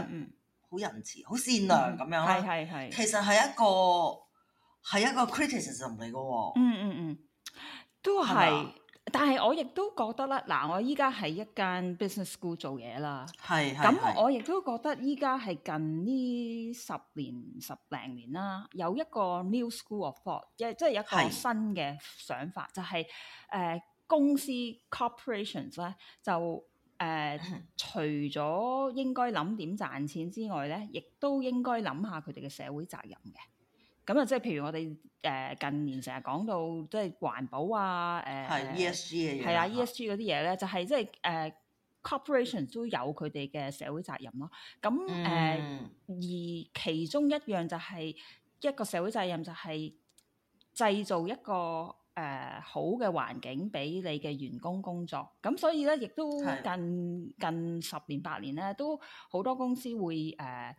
好仁、嗯嗯、慈、好善良咁、嗯、樣咯，嗯、係係係其實係一個係一個 criticism 嚟嘅喎。嗯嗯嗯，都係，吧但係我亦都覺得啦，嗱，我依家喺一間 business school 做嘢啦。係係。咁我亦都覺得依家係近呢十年十零年啦，有一個 new school of thought，即係一個新嘅想，是是、就係、想法，就係、係、誒。呃公司 corporations 咧就誒、呃、 (noise) 除咗應該諗點賺錢之外咧，亦都應該諗下佢哋嘅社會責任嘅。咁啊，即係譬如我哋誒、呃、近年成日講到即係環保啊誒係 ESG 嘅嘢，係啊 ESG 嗰啲嘢咧，就係、是、即係、呃、誒 corporations 都有佢哋嘅社會責任咯。咁誒、嗯呃、而其中一樣就係、是、一個社會責任就係製造一個。誒、uh, 好嘅環境俾你嘅員工工作，咁所以咧，亦都近近，近十年八年咧，都好多公司會誒、uh,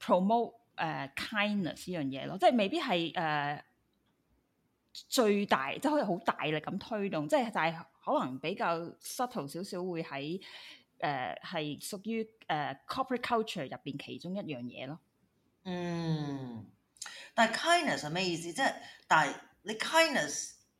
promote 誒、uh, kindness 呢樣嘢咯，即係未必係誒、uh, 最大，即係可以好大力咁推動，即係就係可能比較 subtle 少少，會喺誒係屬於誒 corporate culture 入邊其中一樣嘢咯。嗯，嗯但係 kindness 係咩意思？即係但係你 kindness。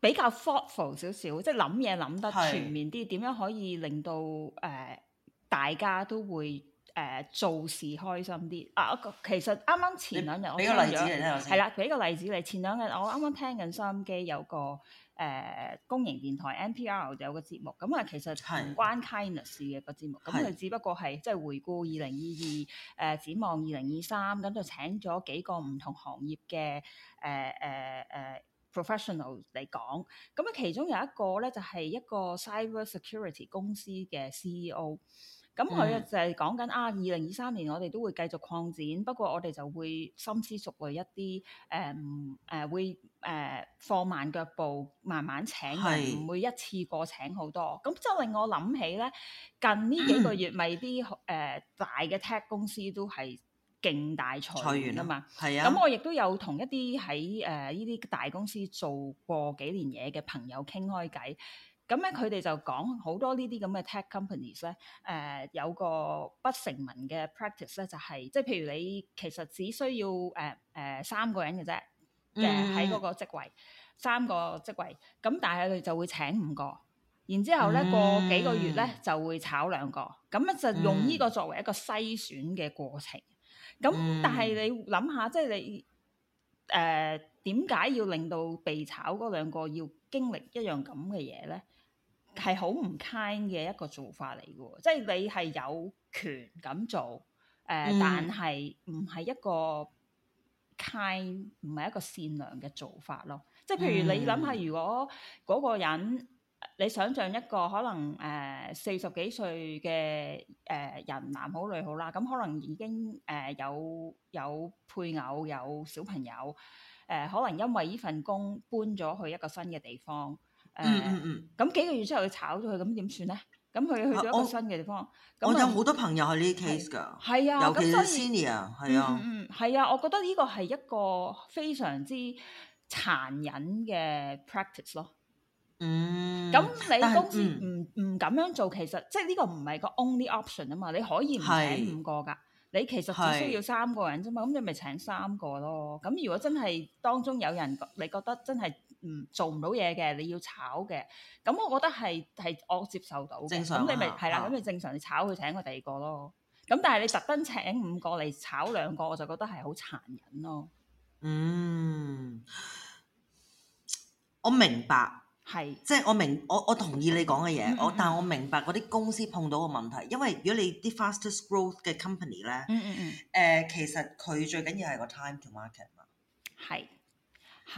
比較 thoughtful 少少，即係諗嘢諗得全面啲，點是樣可以令到誒、呃、大家都會誒、呃、做事開心啲啊！一個其實啱啱前兩日我俾個例子嚟聽，我係啦先，俾個例子嚟。前兩日我啱啱聽緊收音機，有個誒公營電台 NPR 有個節目，咁啊其實唔關 kindness 嘅個節目，咁佢是只不過係即係回顧二零二二誒展望二零二三，咁就請咗幾個唔同行業嘅誒誒誒。呃呃呃呃 professional 嚟講，咁啊其中有一個咧就係、是、一個 cyber security 公司嘅 CEO，咁佢就係講緊啊二零二三年我哋都會繼續擴展，不過我哋就會深思熟慮一啲，誒、嗯、誒、啊、會誒、啊、放慢腳步，慢慢請人，唔會是一次過請好多，咁就令我諗起咧近呢幾個月咪啲誒大嘅 tech 公司都係。勁大裁員啊嘛，咁、啊嗯、我亦都有同一啲喺誒呢啲大公司做過幾年嘢嘅朋友傾開偈，咁咧佢哋就講好多呢啲咁嘅 tech companies 咧、呃、誒有個不成文嘅 practice 咧、就係，就係即係譬如你其實只需要誒誒、呃呃、三個人嘅啫嘅喺嗰個職位、嗯、三個職位，咁但係佢哋就會請五個，然之後咧過幾個月咧、嗯、就會炒兩個，咁咧就用呢個作為一個篩選嘅過程。咁，嗯、但係你諗下，即係你誒點解要令到被炒嗰兩個要經歷一樣咁嘅嘢咧？係好唔 kind 嘅一個做法嚟嘅喎，即係你係有權咁做，誒、呃，嗯、但係唔係一個 kind，唔係一個善良嘅做法咯。即係譬如你諗下，如果嗰個人。你想象一個可能誒四十幾歲嘅誒人，男好女好啦，咁可能已經誒、呃、有有配偶、有小朋友，誒、呃、可能因為呢份工搬咗去一個新嘅地方，誒、呃、咁、嗯嗯嗯嗯、幾個月之後佢炒咗佢，咁點算咧？咁佢去咗一個新嘅地方，我有好多朋友係呢啲 case 㗎，係啊，尤其是，尤其是 senior 係啊，係、嗯嗯、啊，我覺得呢個係一個非常之殘忍嘅 practice 咯。嗯，咁你公司唔唔咁樣做，其實即係呢個唔係個 only option 啊嘛，你可以唔請五個㗎，是你其實只需要三個人啫嘛，咁是你咪請三個咯。咁如果真係當中有人你覺得真係唔、嗯、做唔到嘢嘅，你要炒嘅，咁我覺得係係我接受到嘅。正常咪係啦，咁你咪、啊、你正常你炒佢請個第二個咯。咁但係你特登請五個嚟炒兩個，我就覺得係好殘忍咯。嗯，我明白。係，是即係我明，我我同意你講嘅嘢，我、嗯嗯嗯，但係我明白嗰啲公司碰到嘅問題，因為如果你啲 fastest growth 嘅 company 咧，嗯嗯嗯，誒、呃、其實佢最緊要係個 time to market 嘛，係，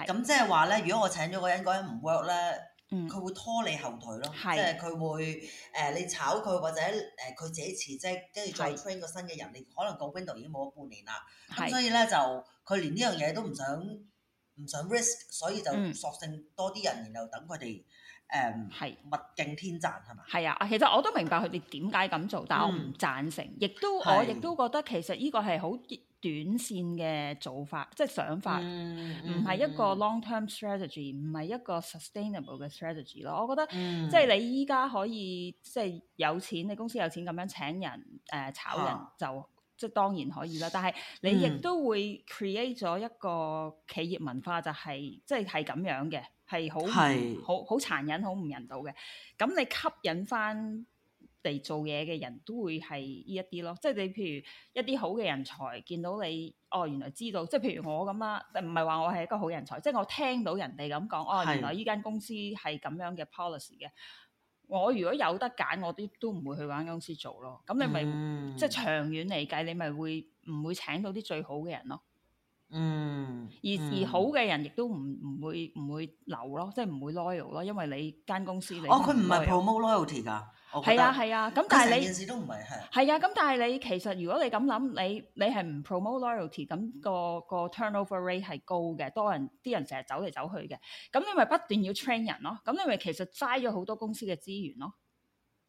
咁即係話咧，如果我請咗個人，嗰人唔 work 咧，佢會拖你後腿咯，是即係佢會誒、呃、你炒佢或者誒佢自己辭職，跟住再 train 個新嘅人，你是可能個 window 已經冇咗半年啦，咁是、嗯嗯、所以咧就佢連呢樣嘢都唔想。唔想 risk，所以就索性多啲人，嗯、然後等佢哋誒，係、um, 是物競天擇係嘛？係啊，其實我都明白佢哋點解咁做，但係我唔贊成。亦、嗯、都是我亦都覺得其實呢個係好短線嘅做法，即係想法，唔係、嗯、一個 long-term strategy，唔係、嗯、一個 sustainable 嘅 strategy 咯。我覺得、嗯、即係你依家可以即係有錢，你公司有錢，咁樣請人誒、呃，炒人就。啊即係當然可以啦，但係你亦都會 create 咗一個企業文化、就係，嗯、就係即係係咁樣嘅，係是好好好殘忍、好唔人道嘅。咁你吸引翻嚟做嘢嘅人都會係呢一啲咯。即係你譬如一啲好嘅人才，見到你哦，原來知道，即係譬如我咁啦，唔係話我係一個好人才，即係我聽到人哋咁講，是哦，原來呢間公司係咁樣嘅 policy 嘅。我如果有得揀，我都都唔會去揾公司做咯。咁你咪、嗯、即係長遠嚟計，你咪唔會、唔會請到啲最好嘅人咯？嗯，而而好嘅人亦都唔唔會唔會留咯，即係唔會 loyal 咯，因為你間公司你哦，佢唔係 promote loyalty 㗎，係啊係啊，咁但係你都唔係係啊，咁但係你其實如果你咁諗，你你係唔 promote loyalty，咁個個 turnover rate 係高嘅，多人啲人成日走嚟走去嘅，咁你咪不斷要 train 人咯，咁你咪其實嘥咗好多公司嘅資源咯，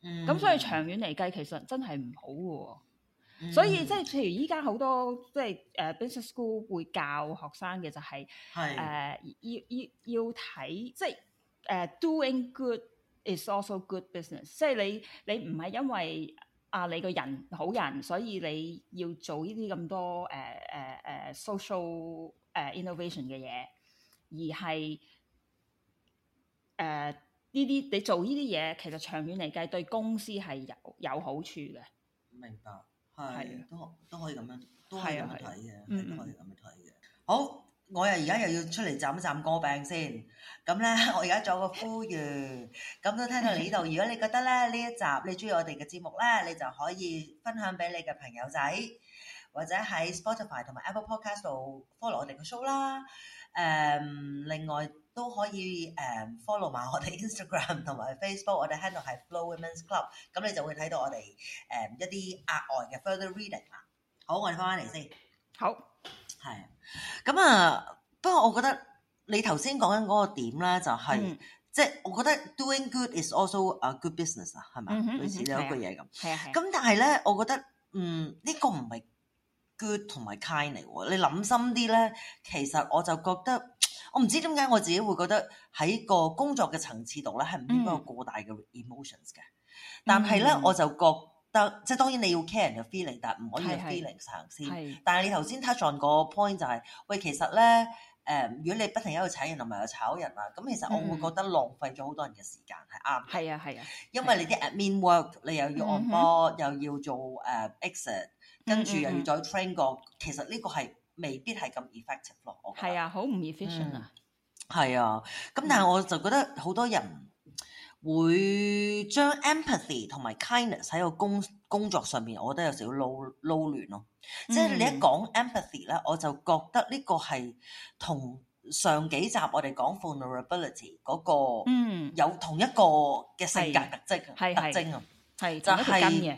嗯，咁所以長遠嚟計，其實真係唔好嘅喎。嗯、所以即係譬如依家好多即係誒、uh, business school 會教學生嘅就係、是、誒是、呃、要要要睇即係誒、uh, doing good is also good business，即係你你唔係因為啊你個人好人，所以你要做呢啲咁多誒誒誒 social 誒 innovation 嘅嘢，而係誒呢啲你做呢啲嘢，其實長遠嚟計對公司係有有好處嘅。明白。係，都都可以咁樣，都係咁樣睇嘅，都可以咁樣睇嘅。的好，我又而家又要出嚟站一站過病先。咁咧，我而家做個呼籲，咁 (laughs) 都聽到你呢度。如果你覺得咧呢一集你中意我哋嘅節目咧，你就可以分享俾你嘅朋友仔，或者喺 Spotify 同埋 Apple Podcast 度 follow 我哋嘅 show 啦。誒、嗯，另外。都可以誒 follow 埋我哋 Instagram 同埋 Facebook，我哋 handle 係 Flo Women's Club，咁你就會睇到我哋誒一啲額外嘅 Further Reading 啦。好，我哋翻返嚟先。好，係啊。咁啊，不過我覺得你頭先講緊嗰個點咧、就係，嗯、就係即係我覺得 Doing Good is also a good business，、嗯哼嗯、啊，係咪、啊？類似、啊、呢一個嘢咁。係啊係啊。咁但係咧，我覺得嗯呢、這個唔係 good 同埋 kind 嚟喎。你諗深啲咧，其實我就覺得。我唔知點解我自己會覺得喺個工作嘅層次度咧，係唔應該有過大嘅 emotions 嘅，mm hmm. 但係咧我就覺得即係當然你要 care 人嘅 feeling，但係唔可以用 feeling 行先。是是是，但係你頭先 touch on 個 point 就係、是，喂，其實咧誒、呃，如果你不停喺度請人同埋又炒人啊，咁其實我會覺得浪費咗好多人嘅時間。係啱。係啊係啊，啊啊因為你啲 admin work 你又要 on board，、mm hmm. 又要做誒、uh, exit 跟住又要再 train 過，mm hmm. 其實呢個係。未必係咁 effective 咯。係 (noise) (noise) 啊，好唔 efficient 啊，係啊，咁但係我就覺得好多人會將 empathy 同埋 kindness 喺個工工作上面，我覺得有少少撈撈亂咯，即係 (noise) 你一講 empathy 咧，我就覺得呢個係同上幾集我哋講 vulnerability 嗰個，嗯，有同一個嘅性格 (noise) 是特徵。係係，係就係。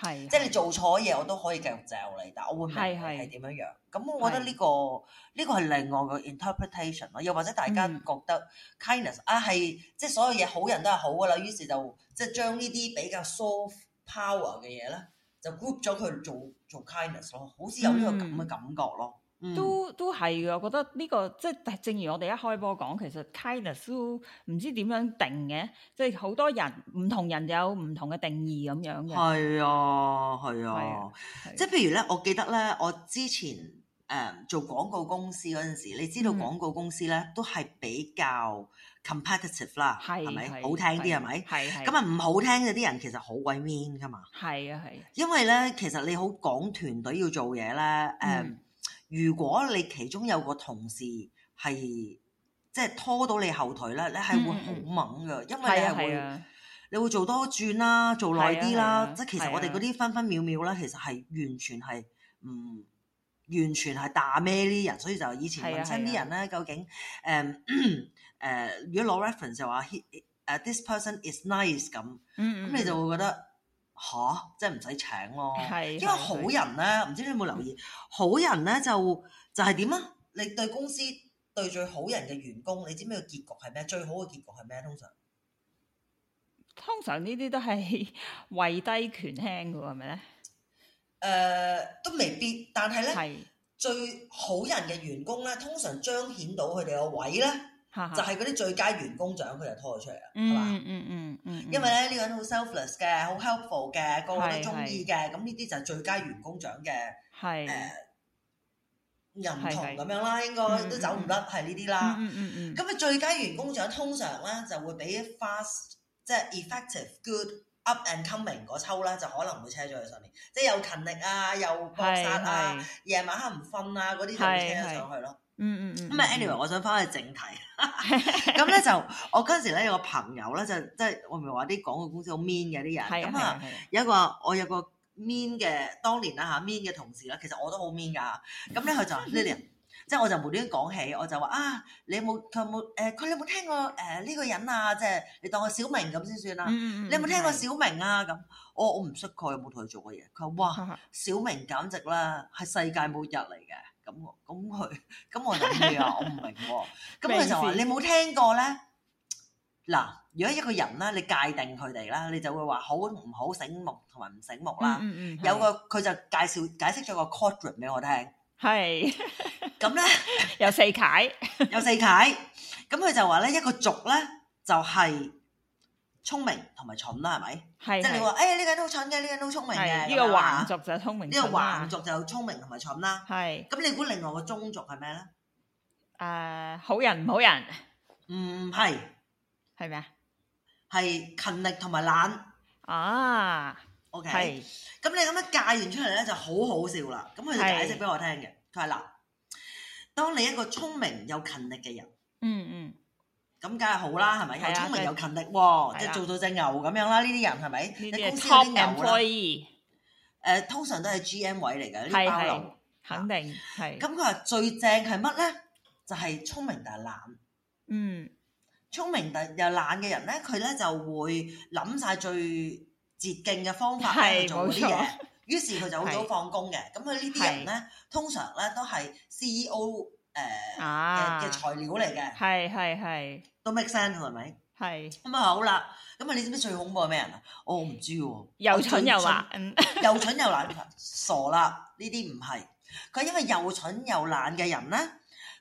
係， (noise) 即係你做錯嘢，我都可以繼續嚼你，但我會問你係點樣樣。咁我覺得呢個呢個係另外個 interpretation 咯。又或者大家覺得 kindness 啊係，即係所有嘢好人都係好噶啦。於是就即係將呢啲比較 soft power 嘅嘢咧，就 group 咗佢做做 kindness 咯，好似有呢個咁嘅感覺咯。 (noise) (noise) (noise) (noise) (noise) 都都係嘅，我覺得呢個即係正如我哋一開波講，其實 kindness 唔知點樣定嘅，即係好多人唔同人有唔同嘅定義咁樣嘅。係啊，係啊，即係譬如咧，我記得咧，我之前誒做廣告公司嗰陣時，你知道廣告公司咧都係比較 competitive 啦，係咪好聽啲？係咪咁啊？唔好聽嗰啲人其實好鬼 mean 㗎嘛，係啊，係啊，因為咧其實你好講團隊要做嘢咧，誒。如果你其中有個同事係即係拖到你後腿咧，你係會好猛噶，嗯、因為你係會，啊、你會做多轉啦，做耐啲啦。啊啊、即係其實我哋嗰啲分分秒秒咧，其實係完全係唔、啊嗯、完全係打咩呢啲人，所以就以前問親啲人咧，究竟誒誒如果攞 reference 就話誒 this person is nice 咁，咁你就會覺得。嗯嗯吓，即係唔使請咯、啊。係是因為好人咧，唔對知你有冇留意？對好人咧就就係點啊？嗯、你對公司對最好人嘅員工，你知唔知個結局係咩？最好嘅結局係咩？通常通常呢啲都係位低權輕㗎，係咪咧？誒、呃，都未必，但係咧，是最好人嘅員工咧，通常彰顯到佢哋個位咧。嗯就係嗰啲最佳員工獎，佢就拖咗出嚟啦，係嘛？嗯嗯嗯，因為咧呢個人好 selfless 嘅，好 helpful 嘅，個個都中意嘅，咁呢啲就係最佳員工獎嘅誒認同咁樣啦，應該都走唔甩，係呢啲啦。嗯嗯，咁啊，最佳員工獎通常咧就會俾 fast，即係 effective、good、up and coming 嗰抽啦，就可能會車咗去上面，即係又勤力啊，又搏殺啊，夜晚黑唔瞓啊，嗰啲就會車咗上去咯。嗯嗯嗯咁啊，anyway，我想翻去正題。咁咧就我嗰陣時咧有個朋友咧就即係我咪話啲廣告公司好 mean 嘅啲人。咁啊，有一個我有個 mean 嘅，當年啦吓 mean 嘅同事啦，其實我都好 mean 噶。咁咧佢就 Lilian，即係我就無端端講起，我就話啊，你有冇佢有冇誒佢有冇聽過誒呢個人啊？即係你當我小明咁先算啦。你有冇聽過小明啊？咁我我唔識佢，有冇同佢做過嘢。佢話：哇，小明簡直啦，係世界末日嚟嘅。咁，咁佢，咁我諗嘢啊，我唔明喎。咁佢就話你冇聽過咧。嗱，如果一個人啦，你界定佢哋啦，你就會話好唔好醒目同埋唔醒目啦。嗯嗯。有個佢就介紹解釋咗個 quadrant 俾我聽，係。咁咧有四楷，有四楷。咁佢就話咧一個族咧就係。聰明同埋蠢啦，係咪？即係你話，誒呢個人都好蠢嘅，呢個人都好聰明嘅。呢個橫軸就聰明，呢個橫軸就聰明同埋蠢啦。係。咁你估另外個縱軸係咩咧？誒，好人唔好人？唔係，係咩啊？係勤力同埋懶。啊，OK。係。咁你咁樣界完出嚟咧，就好好笑啦。咁佢就解釋俾我聽嘅，佢係話嗱：當你一個聰明又勤力嘅人，嗯嗯。咁梗係好啦，係咪？又聰明又勤力，即係做到隻牛咁樣啦。呢啲人係咪？你公司啲牛啦。誒，通常都係 GM 位嚟嘅，啲包佬肯定係。咁佢話最正係乜咧？就係聰明但係懶。嗯，聰明但又懶嘅人咧，佢咧就會諗曬最捷徑嘅方法去做嗰啲嘢。於是佢就好早放工嘅。咁佢呢啲人咧，通常咧都係 CEO 誒嘅嘅材料嚟嘅。係係係。都 make sense，係、right? 咪是？係咁啊，好啦。咁啊，你知唔知最恐怖係咩人、oh, 啊？我唔知喎。又蠢又懶， (laughs) 又蠢又懶，傻啦！呢啲唔係佢，因為又蠢又懶嘅人咧，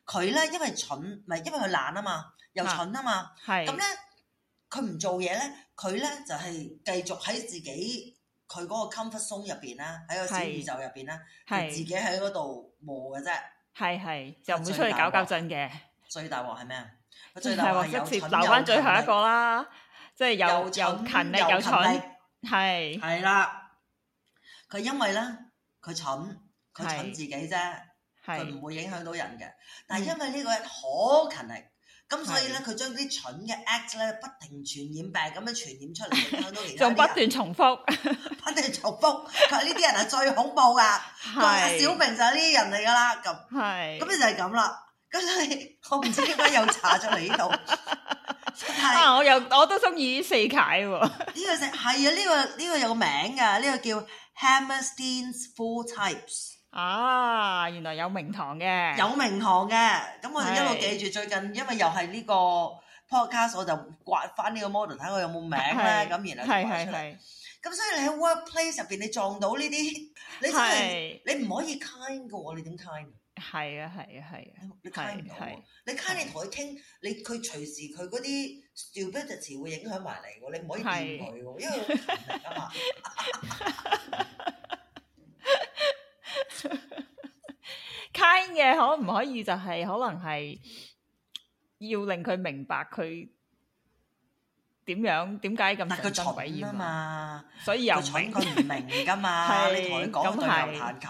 佢咧因為蠢，唔係因為佢懶啊嘛，又蠢啊嘛，係咁咧，佢唔做嘢咧，佢咧就係、是、繼續喺自己佢嗰個 comfort zone 入邊啦，喺個小宇宙入邊啦，係是自己喺嗰度磨嘅啫，係係就唔會出去搞搞震嘅。所以大鑊係咩啊？係喎，即係留翻最後一個啦，即係又又勤力又蠢，係係啦。佢因為咧，佢蠢，佢蠢自己啫，佢唔會影響到人嘅。但係因為呢個人好勤力，咁所以咧，佢將啲蠢嘅 act 咧，不停傳染病咁樣傳染出嚟，影響到其他人。就不斷重複，不斷重複。佢話呢啲人係最恐怖噶，小明就係呢啲人嚟噶啦。咁，咁你就係咁啦。咁你我唔知點解又查咗嚟呢度，真係。啊，我又我都中意四階喎。呢個成係啊，呢個呢個有個名噶，呢個叫 Hammerstein's Four Types。啊，原來有名堂嘅。有名堂嘅，咁我哋一路記住。最近因為又係呢個 podcast，我就刮翻呢個 model 睇下有冇名咧。咁然後刮出嚟。咁所以你喺 workplace 入邊，你撞到呢啲，你真係你唔可以 Kind 嘅，你點 Kind？係啊，係啊，係啊！你傾唔到，你 kind 你同佢傾，你佢隨時佢嗰啲 statement 詞會影響埋你，你唔可以掂佢嘅，因為唔明噶嘛。kind 嘅可唔可以就係可能係要令佢明白佢點樣點解咁？但佢蠢啊嘛，所以又蠢，佢唔明噶嘛。你同佢講對牛彈琴。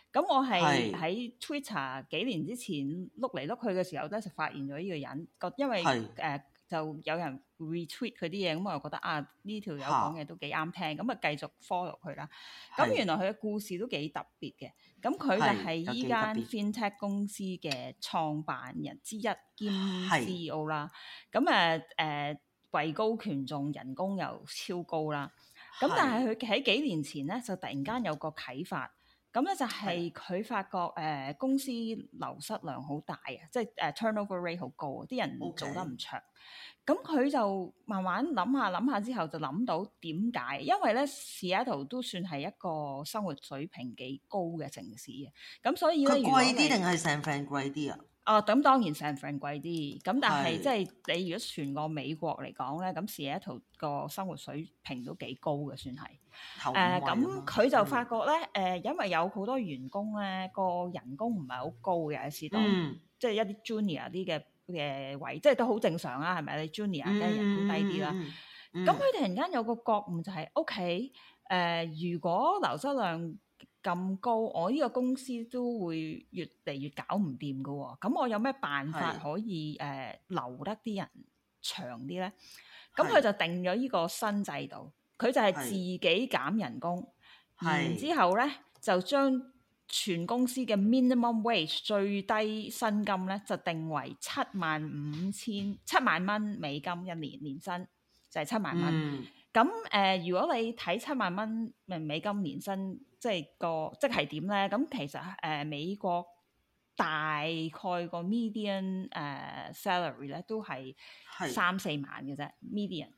咁我係喺 Twitter 幾年之前碌嚟碌去嘅時候，咧就發現咗呢個人。個因為誒是、呃、就有人 retweet 佢啲嘢，咁我又覺得啊呢條友講嘅都幾啱聽，咁啊繼續 follow 佢啦。咁是原來佢嘅故事都幾特別嘅。咁佢就係呢間 FinTech 公司嘅創辦人之一兼 CEO 啦是。咁誒誒位高權重，人工又超高啦。咁是但係佢喺幾年前咧，就突然間有個啟發。咁咧就係佢發覺誒的、呃、公司流失量好大啊，即、就、係、是、誒 turnover rate 好高啊，啲人做得唔長。咁佢 Okay. 就慢慢諗下諗下之後就諗到點解？因為咧，西雅圖都算係一個生活水平幾高嘅城市啊。咁所以要佢貴啲定係 San Fran 貴啲啊？哦，咁當然成份貴啲，咁但係即係你如果全個美國嚟講咧，咁西雅圖個生活水平都幾高嘅，算係。誒，咁佢就發覺咧，誒，因為有好多員工咧，個人工唔係好高嘅，係當即係一啲 junior 啲嘅嘅位，即係都好正常啊，係咪？你 junior 梗係人工低啲啦。咁佢突然間有個覺悟就係，OK，誒，如果流失量咁高，我呢個公司都會越嚟越搞唔掂噶。咁我有咩辦法可以誒是、呃、留得啲人長啲咧？咁佢是就定咗呢個新制度，佢就係自己減人工，是然之後咧就將全公司嘅 minimum wage 是最低薪金咧就定為七萬五千七萬蚊美金一年年薪就係、是、七萬蚊。咁誒、嗯呃，如果你睇七萬蚊美美金年薪。即係個即係點咧？咁其實誒、呃、美國大概個 median 誒、uh, salary 咧都係三四萬嘅啫，median，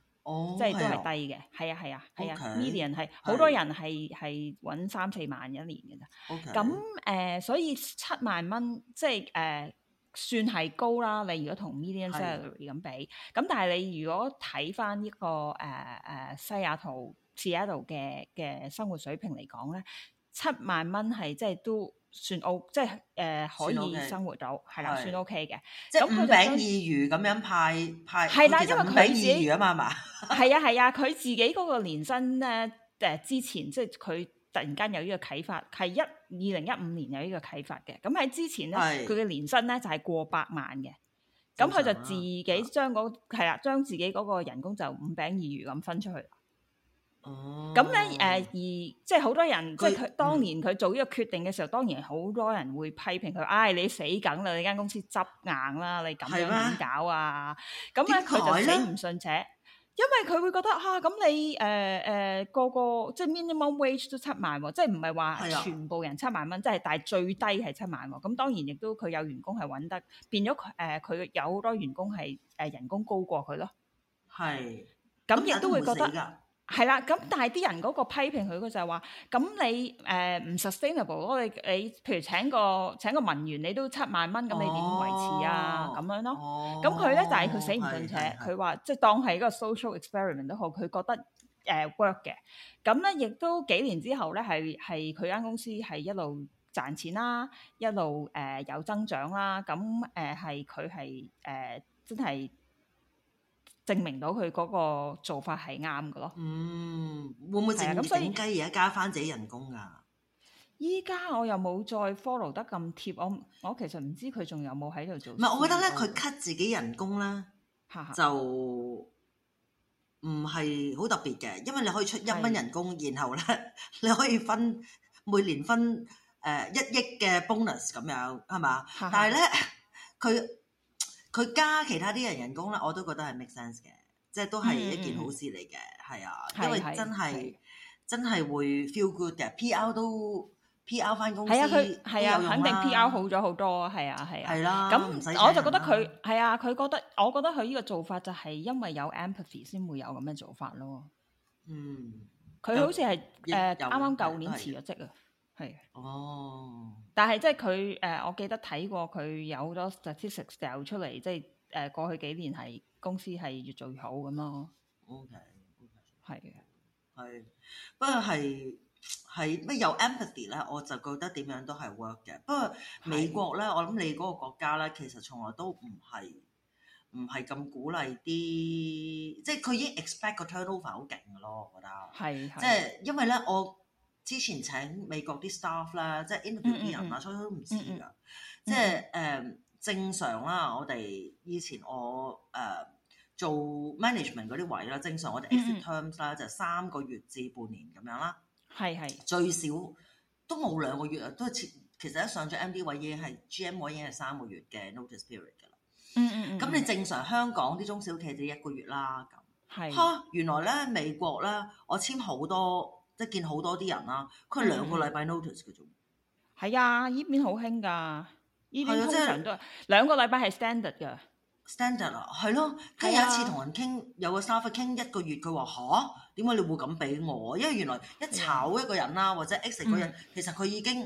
即係都係低嘅。係、哦、啊係啊係啊，median 係好多人係係揾三四萬一年嘅啫。咁誒 Okay.、呃，所以七萬蚊即係誒、呃、算係高啦。你如果同 median salary 咁是比，咁但係你如果睇翻呢個誒誒、呃、西雅圖，住喺度嘅嘅生活水平嚟講咧，七萬蚊係即係都算 O，即係誒可以生活到係啦，算 O K 嘅。即係五餅二魚咁樣派派，係啦，因為五餅二魚啊嘛，係嘛 (laughs) ，係啊係啊，佢自己嗰個年薪咧誒之前即係佢突然間有呢個啟發，係一二零一五年有呢個啟發嘅。咁喺之前咧，佢嘅的年薪咧就係過百萬嘅，咁佢就自己將嗰係啦，將自己嗰個人工就五餅二魚咁分出去。哦，咁咧、嗯，誒而即係好多人，即係佢當年佢做呢個決定嘅時候，當然好多人會批評佢，唉、哎，你死梗啦！你間公司執硬啦，你咁樣點搞啊？咁咧佢就死唔信邪，因為佢會覺得啊，咁你誒誒、呃呃、個個即係 minimum wage 都七萬，即係唔係話全部人七萬蚊，即係、啊、但係最低係七萬。咁當然亦都佢有員工係揾得，變咗佢誒佢有好多員工係誒人工高過佢咯。係是，咁亦是都會覺得。係啦，咁但係啲人嗰個批評佢，佢就係話，咁你誒唔、呃、sustainable，我哋，你譬如請個請個文員，你都七萬蚊，咁你點維持啊？咁、哦、樣咯，咁佢咧但係佢死唔駁，且佢話即係當係一個 social experiment 都好，佢覺得誒、呃、work 嘅。咁咧亦都幾年之後咧，係係佢間公司係一路賺錢啦，一路誒、呃、有增長啦。咁誒係佢係誒真係。真證明到佢嗰個做法係啱㗎咯。嗯，會唔會整而整雞而家加翻自己人工啊？依家我又冇再 follow 得咁貼，我我其實唔知佢仲有冇喺度做。唔係，我覺得咧佢 cut 自己人工呢，就唔係好特別嘅。因為你可以出一蚊人工，然後咧你可以分每年分誒一億嘅 bonus 咁樣，係嘛？但係咧佢。佢加其他啲人人工咧，我都覺得係 make sense 嘅，即係都係一件好事嚟嘅，係、嗯、啊，因為真係真係會 feel good 嘅，PR 都 PR 翻工，係啊，佢係啊，肯定 PR 好咗好多，係啊，係啊，係啦，啊，咁我就覺得佢係啊，佢覺得，我覺得佢呢個做法就係因為有 empathy 先會有咁嘅做法咯。嗯，佢好似係誒啱啱舊年辭咗職啊。係哦，但係即係佢誒，我記得睇過佢有好多 statistics 掉出嚟，即係誒過去幾年係公司係越做越好咁咯。OK，係啊，係，不過係係咩有 empathy 咧，我就覺得點樣都係 work 嘅。不過美國咧，我諗你嗰個國家咧，其實從來都唔係唔係咁鼓勵啲，即係佢已經 expect 個 turnover 好勁噶咯。我覺得係，即係因為咧我。之前請美國啲 staff 啦，即係 interview 啲人啊，所以都唔知㗎。即係誒正常啦，我哋以前我誒、呃、做 management 嗰啲位啦，正常我哋 exit terms 啦，嗯嗯就三個月至半年咁樣啦。係係是最少都冇兩個月啊，都係設。其實一上咗 MD 位已經係 GM 位已經係三個月嘅 notice period 㗎啦。嗯嗯咁、嗯、你正常香港啲中小企就一個月啦。咁係吓，原來咧美國咧，我簽好多。即係見好多啲人啦，佢係兩個禮拜 notice 嗰種，係、嗯、啊，依邊好興㗎，依邊通常都、啊就是、兩個禮拜係 standard 嘅，standard 啊，係咯、嗯，跟住有一次同人傾，有個 staff 傾、er、一個月，佢話嚇點解你會咁俾我？因為原來一炒一個人啦，啊、或者 ex 嗰人，嗯、其實佢已經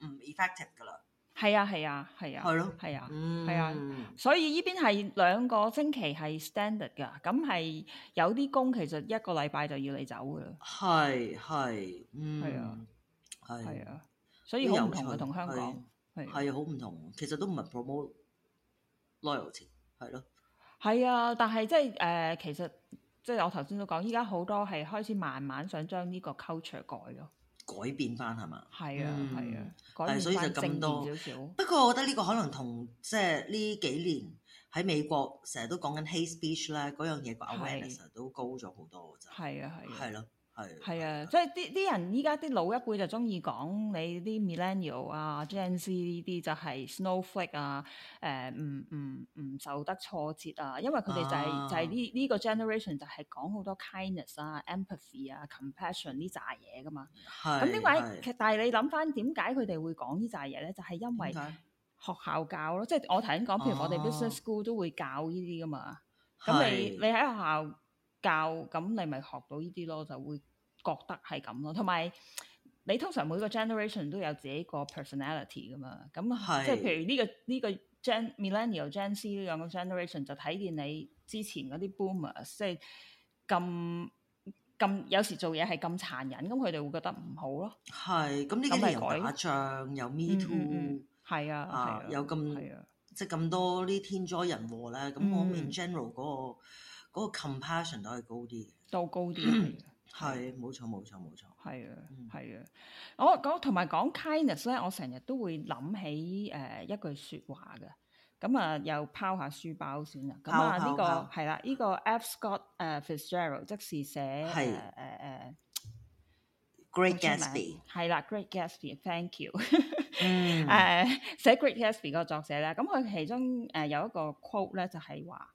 唔 effective 㗎啦。係啊係啊係啊係啊，嗯，係啊，所以呢邊係兩個星期係 standard 噶，咁係有啲工其實一個禮拜就要你走噶啦。係係，嗯，係啊，係啊，所以好唔同嘅同香港，係係好唔同，其實都唔係 promote loyalty，係咯。係啊，但係即係誒，其實即係我頭先都講，依家好多係開始慢慢想將呢個 culture 改咯。改變翻係嘛？係啊，係啊，係所以就咁多。不過我覺得呢個可能同即係呢幾年喺美國成日都講緊 hate speech 啦，嗰樣嘢個 awareness 都高咗好多㗎啫。係啊，係、啊。係咯、啊。係係啊，即係啲啲人依家啲老一輩就中意講你啲 Millennial 啊、Gen Z 呢啲就係 snowflake 啊，誒嗯嗯唔受得挫折啊，因為佢哋就係、係啊、就係呢呢個 generation 就係講好多 kindness 啊、empathy 啊、compassion 呢紮嘢噶嘛。係咁點解？的但係你諗翻點解佢哋會講呢紮嘢咧？就係、係、因為學校教咯。即係我頭先講，譬如我哋 business school、啊、都會教呢啲噶嘛。咁你你喺學校？的教咁你咪學到呢啲咯，就會覺得係咁咯。同埋你通常每個 generation 都有自己個 personality 噶嘛，咁是即係譬如呢、呢個呢、呢個 Gen Millennial Gen Z 呢兩個 generation 就睇見你之前嗰啲 Boomers 即係咁咁有時做嘢係咁殘忍，咁佢哋會覺得唔好咯。係咁呢個又假象有 Me Too 係，嗯嗯嗯嗯、啊，有咁即係咁多呢天災人禍咧，咁我 in general 嗰個。嗯嗰個 compassion 都係高啲，嘅的，都高啲，係冇錯冇錯冇錯，係啊係啊！我講同埋講 kindness 咧，我成日都會諗起誒、呃、一句説話嘅，咁啊又拋下書包先啦。咁啊呢、這個係啦，呢、這個 F. Scott 誒、uh, Fitzgerald 即係寫係誒誒 Great Gatsby，係啦 Great、嗯、Gatsby，thank you。嗯誒、啊，寫 Great Gatsby、那個作者咧，咁佢其中誒有一個 quote 咧、就是，就係話。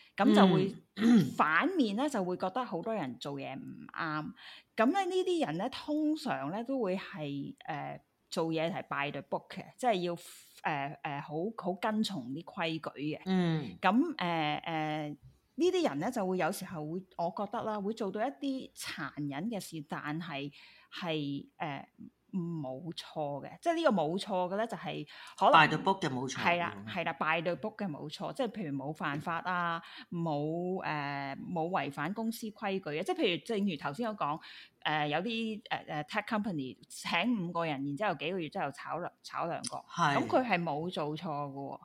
咁就會反面咧，就會覺得好多人做嘢唔啱。咁咧呢啲人咧，通常咧都會係誒、呃、做嘢係 by the book 嘅，即係要誒誒好好跟從啲規矩嘅。嗯。咁誒誒呢啲人咧就會有時候會，我覺得啦，會做到一啲殘忍嘅事，但係係誒。冇錯嘅，即係呢個冇錯嘅咧，就係可能係啦，係啦 the 的，by the book 嘅冇錯，即係譬如冇犯法啊，冇誒冇違反公司規矩啊，即係譬如正如頭先我講誒，有啲誒誒 tech company 請五個人，然之後幾個月之後炒兩炒兩個，咁佢係冇做錯嘅喎，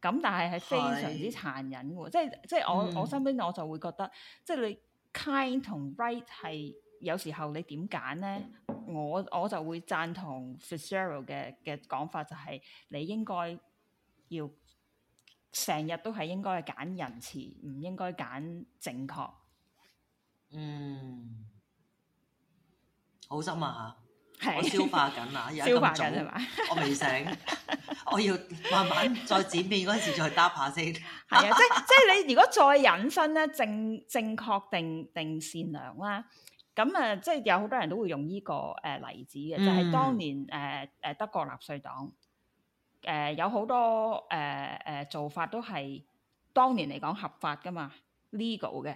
咁但係係非常之殘忍嘅是、嗯，即係即係我我身邊我就會覺得，即係你 kind 同 right 係。有時候你點揀咧？我我就會贊同 Fisher 嘅嘅講法，就係你應該要成日都係應該揀仁慈，唔應該揀正確。嗯，好心啊嚇、啊！我消化緊啊，而家咁早， (laughs) 我未醒，我要慢慢再展變嗰陣時再搭下先。 (laughs) s 係啊，即即係你如果再引申咧，正正確定定善良啦。咁啊，即係有好多人都會用呢、這個誒、呃、例子嘅，就係、是、當年誒誒、呃、德國納粹黨，誒、呃、有好多誒誒、呃、做法都係當年嚟講合法㗎嘛，legal 嘅，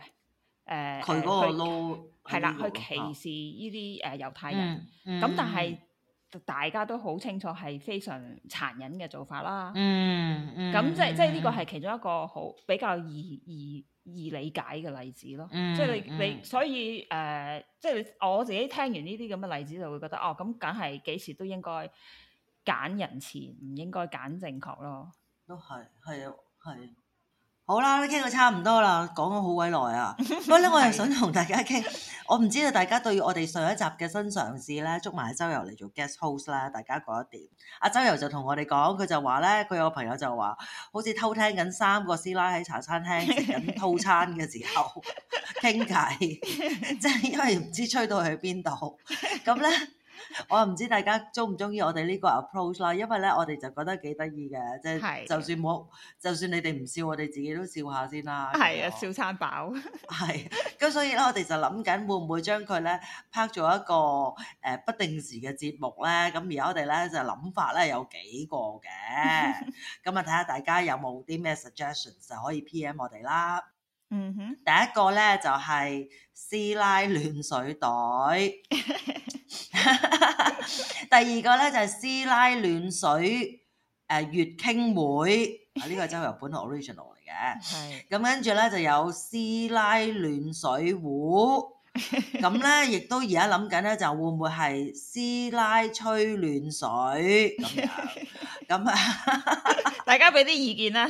誒佢嗰個撈係啦，去歧視呢啲誒猶太人，咁、嗯、但係大家都好清楚係非常殘忍嘅做法啦。嗯咁、嗯、即係即係呢個係其中一個好比較易易。易理解嘅例子咯，即係你你所以誒，即係、呃即係、我自己聽完呢啲咁嘅例子就會覺得哦，咁梗係幾時都應該揀人前，唔應該揀正確咯。都係，係啊，係、啊。好啦，都傾到差唔多啦，講咗好鬼耐啊！不過咧，我又想同大家傾， (laughs) 我唔知道大家對我哋上一集嘅新嘗試咧，捉埋周遊嚟做 guest host 啦，大家覺得點？阿周遊就同我哋講，佢就話咧，佢有個朋友就話，好似偷聽緊三個師奶喺茶餐廳食緊套餐嘅時候傾偈，即係 (laughs) 因為唔知吹到去邊度，咁咧。我唔知大家中唔中意我哋呢個 approach 啦，因為咧，我哋就覺得幾得意嘅，即係就算冇，就算你哋唔笑，我哋自己都笑下先啦。係啊，笑餐飽。係咁，所以咧，我哋就諗緊會唔會將佢咧拍做一個誒不定時嘅節目咧。咁而家我哋咧就諗法咧有幾個嘅，咁啊睇下大家有冇啲咩 suggestion 就可以 PM 我哋啦。嗯哼，第一個咧就係師奶暖水袋。 (laughs) 第二個咧就係師奶暖水，誒、呃、月傾會，啊、這個、 (laughs) 呢個係周游本 original 嚟嘅。係咁，跟住咧就有師奶暖水壺。咁咧，亦 (laughs) 都而家諗緊咧，就會唔會係師奶吹暖水咁樣？咁 (laughs) (laughs) 啊，大家俾啲意見啦。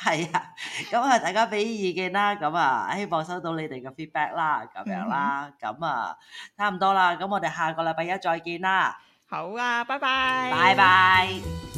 係啊，咁啊，大家俾啲意見啦。咁啊，希望收到你哋嘅 feedback 啦，咁樣啦。咁、嗯、啊，差唔多啦。咁我哋下個禮拜一再見啦。好啊，拜拜。拜拜。